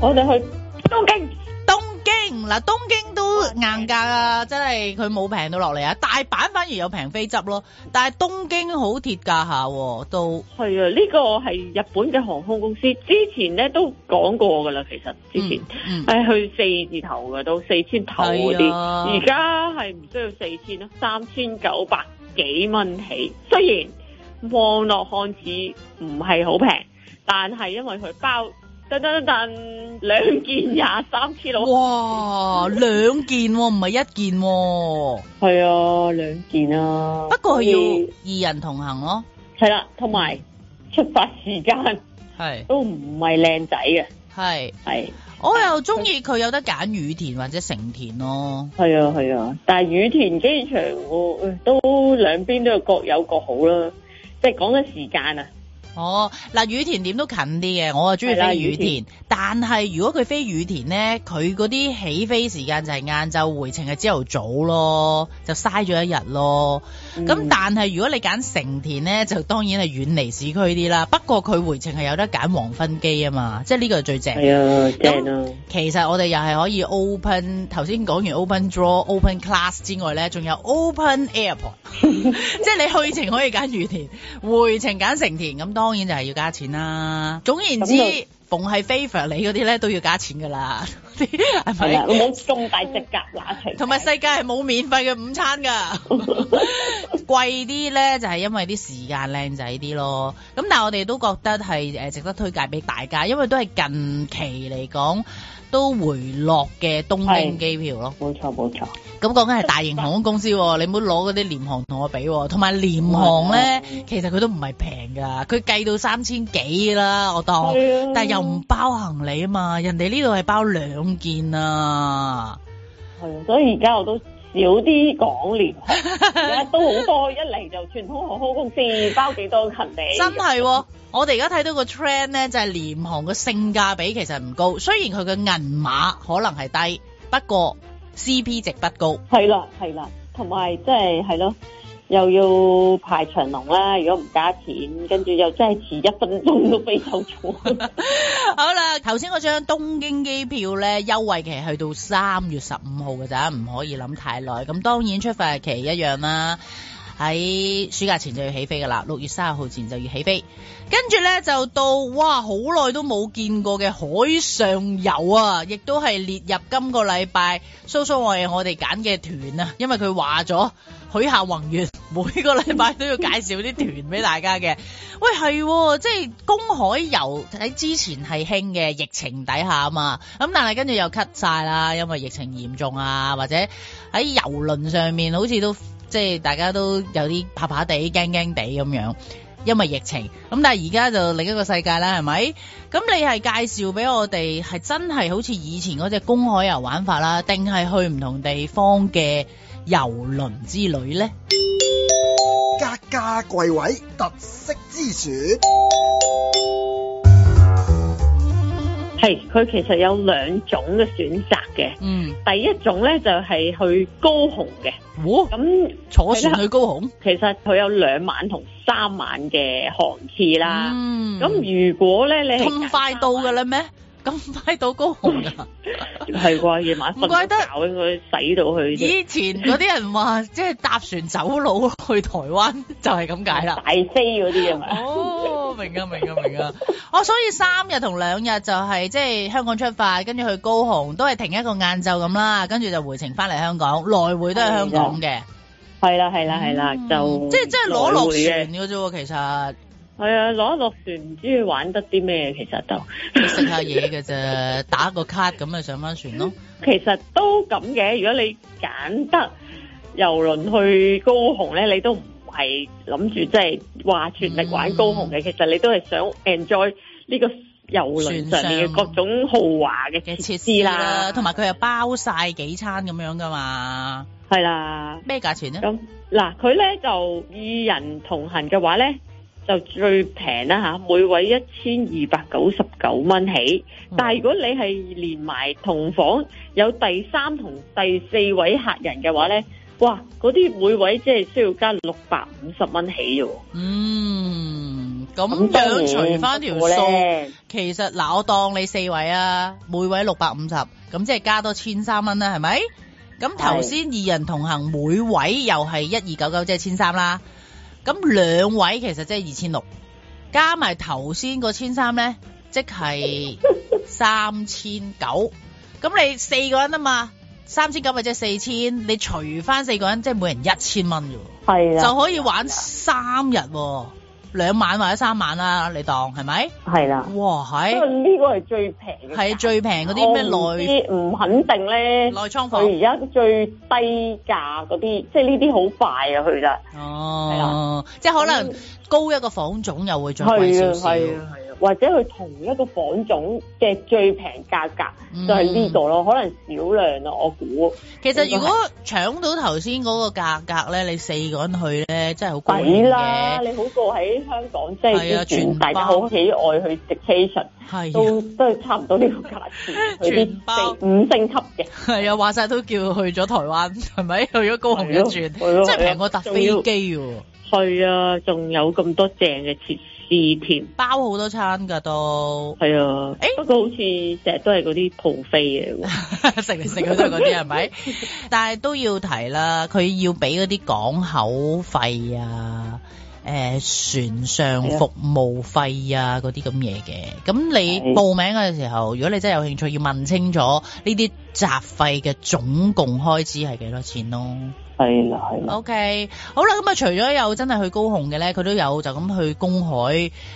我哋去東京，東京，東京嗱，東京都硬價啊，真係佢冇平到落嚟啊，大阪反而有平飛執咯，但係東京好貼價下都係啊，呢、這個係日本嘅航空公司，之前咧都講過噶啦，其實之前誒、嗯嗯、去四字頭噶都四千頭嗰啲，而家係唔需要四千咯，三千九百幾蚊起，雖然望落看，看似唔係好平。但係因為佢包噔噔噔噔兩件廿三千六哇，兩件唔係一件係、哦、 啊，兩件啊，不過要二人同行咯，係啦，同埋出發時間係都唔係靚仔嘅。係係，我又中意佢有得揀羽田或者成田咯，係啊，係啊，但係羽田機場、哎、都兩邊都有，各有各好啦，即係講緊時間啊。就是哦，嗱羽田點都近啲嘅，我啊中意飛羽田，羽田，但係如果佢飛羽田咧，佢嗰啲起飛時間就係晏晝，回程嘅朝頭早咯，就嘥咗一日咯。咁、嗯、但係如果你揀成田咧，就當然係遠離市區啲啦。不過佢回程係有得揀黃昏機啊嘛，即係呢個係最正。係的那啊，正咯。其實我哋又係可以 open 頭先講完 open draw、open class 之外咧，仲有 open airport， 即係你去程可以揀羽田，回程揀成田。咁當然就係要加錢啦。總言之。逢係 favor 你嗰啲咧都要加錢噶啦，係 啊是，冇重大折扣啦，同埋世界係冇免費嘅午餐噶， 貴啲咧就係、是、因為啲時間靚仔啲咯，咁但係我哋都覺得係誒值得推介俾大家，因為都係近期嚟講。都回落嘅東京機票咯，冇錯冇錯。咁講緊係大型航空公司， 你唔好攞嗰啲廉航同我比。同埋廉航咧， 其實佢都唔係平㗎，佢計到三千幾啦，我當。啊、但係又唔包行李啊嘛，人哋呢度係包兩件啊。係啊，所以而家我都少啲講廉航， 而家都好多一嚟就傳統航空公司包幾多行李。 真係。我哋而家睇到個 trend 咧，就係、是、廉航個性價比其實唔高，雖然佢嘅銀碼可能係低，不過 CP 值不高。係啦，係啦，同埋即係係咯，又要排長龍啦、啊，如果唔加錢，跟住又真係遲一分鐘都俾走。錯。 好啦，頭先嗰張東京機票咧，優惠期去到三月十五號嘅咋，唔可以諗太耐。咁當然出發日期一樣啦、啊。喺暑假前就要起飛噶啦，六月三十號前就要起飛。跟住呢，就到哇，好耐都冇見過嘅海上游啊，亦都係列入今個禮拜蘇蘇為我哋揀嘅團啊。因為佢話咗，許下宏願，每個禮拜都要介紹啲團俾大家嘅。喂，係喎，即係公海遊喺之前係興嘅，疫情底下啊嘛。咁但係跟住又 cut 晒啦，因為疫情嚴重啊，或者喺遊輪上面好似都。即係大家都有啲怕怕地、驚驚地咁樣，因為疫情。咁但係而家就另一個世界啦，係咪？咁你係介紹俾我哋，係真係好似以前嗰隻公海遊玩法啦，定係去唔同地方嘅遊輪之旅呢？家家貴位特色之選係，佢其實有兩種嘅選擇嘅。嗯，第一種呢，就係去高雄嘅。咁哇、嗯、坐車去高雄，其實佢有兩晚同三晚嘅航次啦。咁、嗯、如果咧，你係咁快到嘅啦咩？咁快到高雄啊！係啩，夜晚，唔怪得，佢使到佢。以前嗰啲人話，即係搭船走佬去台灣，就係咁解啦。大飛嗰啲啊嘛。哦，明啊，明啊，明啊！哦、oh，所以三日同兩日就係、是、即係香港出發，跟住去高雄，都係停一個晏晝咁啦，跟住就回程翻嚟香港，來回都係香港嘅。係啦，係啦，係啦、嗯，就即係即係攞落船嘅啫喎，其實。係啊，落一落船，唔知要玩得啲咩？其實就食下嘢嘅啫，打個卡咁啊，上翻船咯。其實都咁嘅。如果你揀得遊輪去高雄咧，你都唔係諗住即係話全力玩高雄嘅。嗯、其實你都係想 enjoy 呢個遊輪上面嘅各種豪華嘅嘅設施啦，同埋佢又包晒幾餐咁樣噶嘛，係啦、啊。咩價錢咧？咁嗱、嗯，佢咧就二人同行嘅話咧，就最平啦吓，每位一千二百九十九蚊起。但係如果你係連埋同房有第三同第四位客人嘅話咧，哇，嗰啲每位即係需要加六百五十蚊起嘅。嗯，咁樣然除翻條數，呢其實嗱，我當你四位啊，每位六百五十，咁即係加多千三蚊啦，係咪？咁頭先二人同行，是每位又係一二九九，即係千三啦。咁兩位其實即係二千六，加埋頭先個千三咧，即係三千九。咁 你四個人啊嘛，三千九咪即係四千，你除翻四個人即係每人一千蚊啫喎，係啊的，就可以玩三日喎。兩萬或者三萬啦、啊，你當係咪？係啦，的哇，係，呢個係最平，係最平嗰啲咩內唔肯定咧，內倉房佢而家最低價嗰啲，即係呢啲好快啊，去得！哦，的嗯、即係可能高一個房種又會再貴少少。或者佢同一個房種嘅最平價格就係呢度咯，可能少量啊。我估。其實如果搶是 到頭先嗰個價格咧，你四個人去咧真係好貴啦！你好過喺香港即係全大家好喜愛去食餐食，都都係差唔多呢個價錢，全包呀四五星級嘅。係啊 包，話晒 都叫去咗台灣，係咪去咗高雄一轉？即咯，係平過搭飛機喎。係啊，仲有咁多正嘅設施。自填包好多餐噶都，係啊，欸、不過好似成日都係嗰啲 buffet 嘅，食嚟食去都係嗰啲係咪？但係都要提啦，佢要俾嗰啲港口費啊、誒、呃、船上服務費啊嗰啲咁嘢嘅。咁你報名嘅時候，如果你真係有興趣，要問清楚呢啲雜費嘅總共開支係幾多錢咯。係啦，係啦。OK，好啦，咁、嗯、啊，除咗有真係去高雄嘅咧，佢都有就咁去公海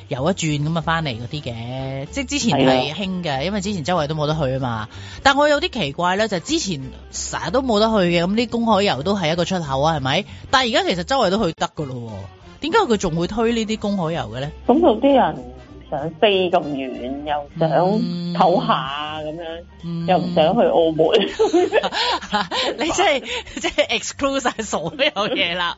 遊一轉咁啊，翻嚟嗰啲嘅，即係之前係興嘅，因為之前周圍都冇得去啊嘛。但我有啲奇怪咧，就係、之前成日都冇得去嘅，咁啲公海遊都係一個出口啊，係咪？但係而家其實周圍都去得噶咯，點解佢仲會推呢啲公海遊嘅咧？咁同啲人。想飛咁遠，又想唞下咁樣，又唔想去澳門， 你真係即係 exclude 曬所有嘢啦。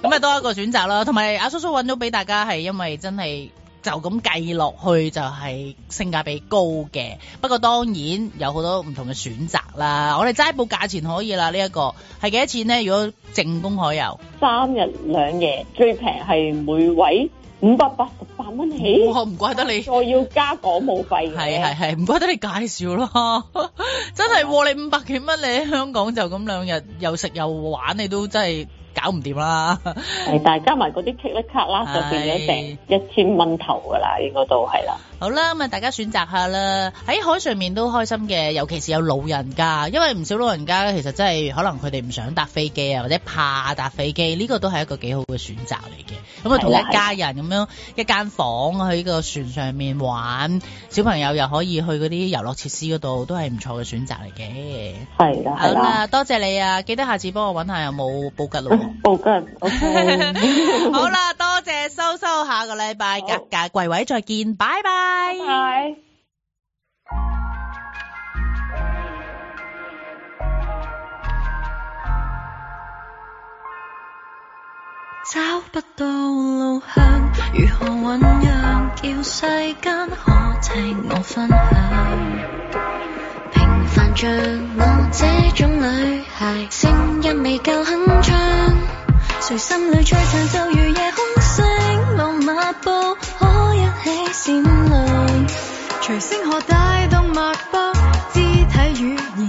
咁 啊多一個選擇啦。同埋阿叔叔揾到俾大家，係因為真係就咁計落去就係性價比高嘅。不過當然有好多唔同嘅選擇啦。我哋齋報價錢可以啦。這個、呢一個係幾多錢咧？如果正公海遊三日兩夜最平係每位。五百八十八蚊起，我唔怪得你，我要加港務費係係係，唔怪得你介紹咯，真係你五百幾蚊，你喺香港就咁兩日又食又玩，你都真係搞唔掂啦。係的，但係加埋嗰啲 credit card 啦，就變咗成一千蚊頭噶啦，應該都係啦。好啦，咁啊大家選擇下啦。喺海上面都開心嘅，尤其是有老人家，因為唔少老人家其實真係可能佢哋唔想搭飛機啊，或者怕搭飛機，呢個都係一個幾好嘅選擇嚟嘅。咁、嗯、啊，同的一家人咁樣的一間房去個船上面玩，小朋友又可以去嗰啲遊樂設施嗰度，都係唔錯嘅選擇嚟嘅。係。好啦，多謝你啊！記得下次幫我揾下有冇布吉路。布吉，OK。好啦，多謝收收，收，下個禮拜格價櫃位再見，拜拜。找不到路向，如何醖釀？叫世間可聽我分享。平凡着我這種女孩，聲音未夠鏗鏘。誰心裏璀璨就如夜空星落馬步。閃亮，隨星可帶動脈搏，肢體語言。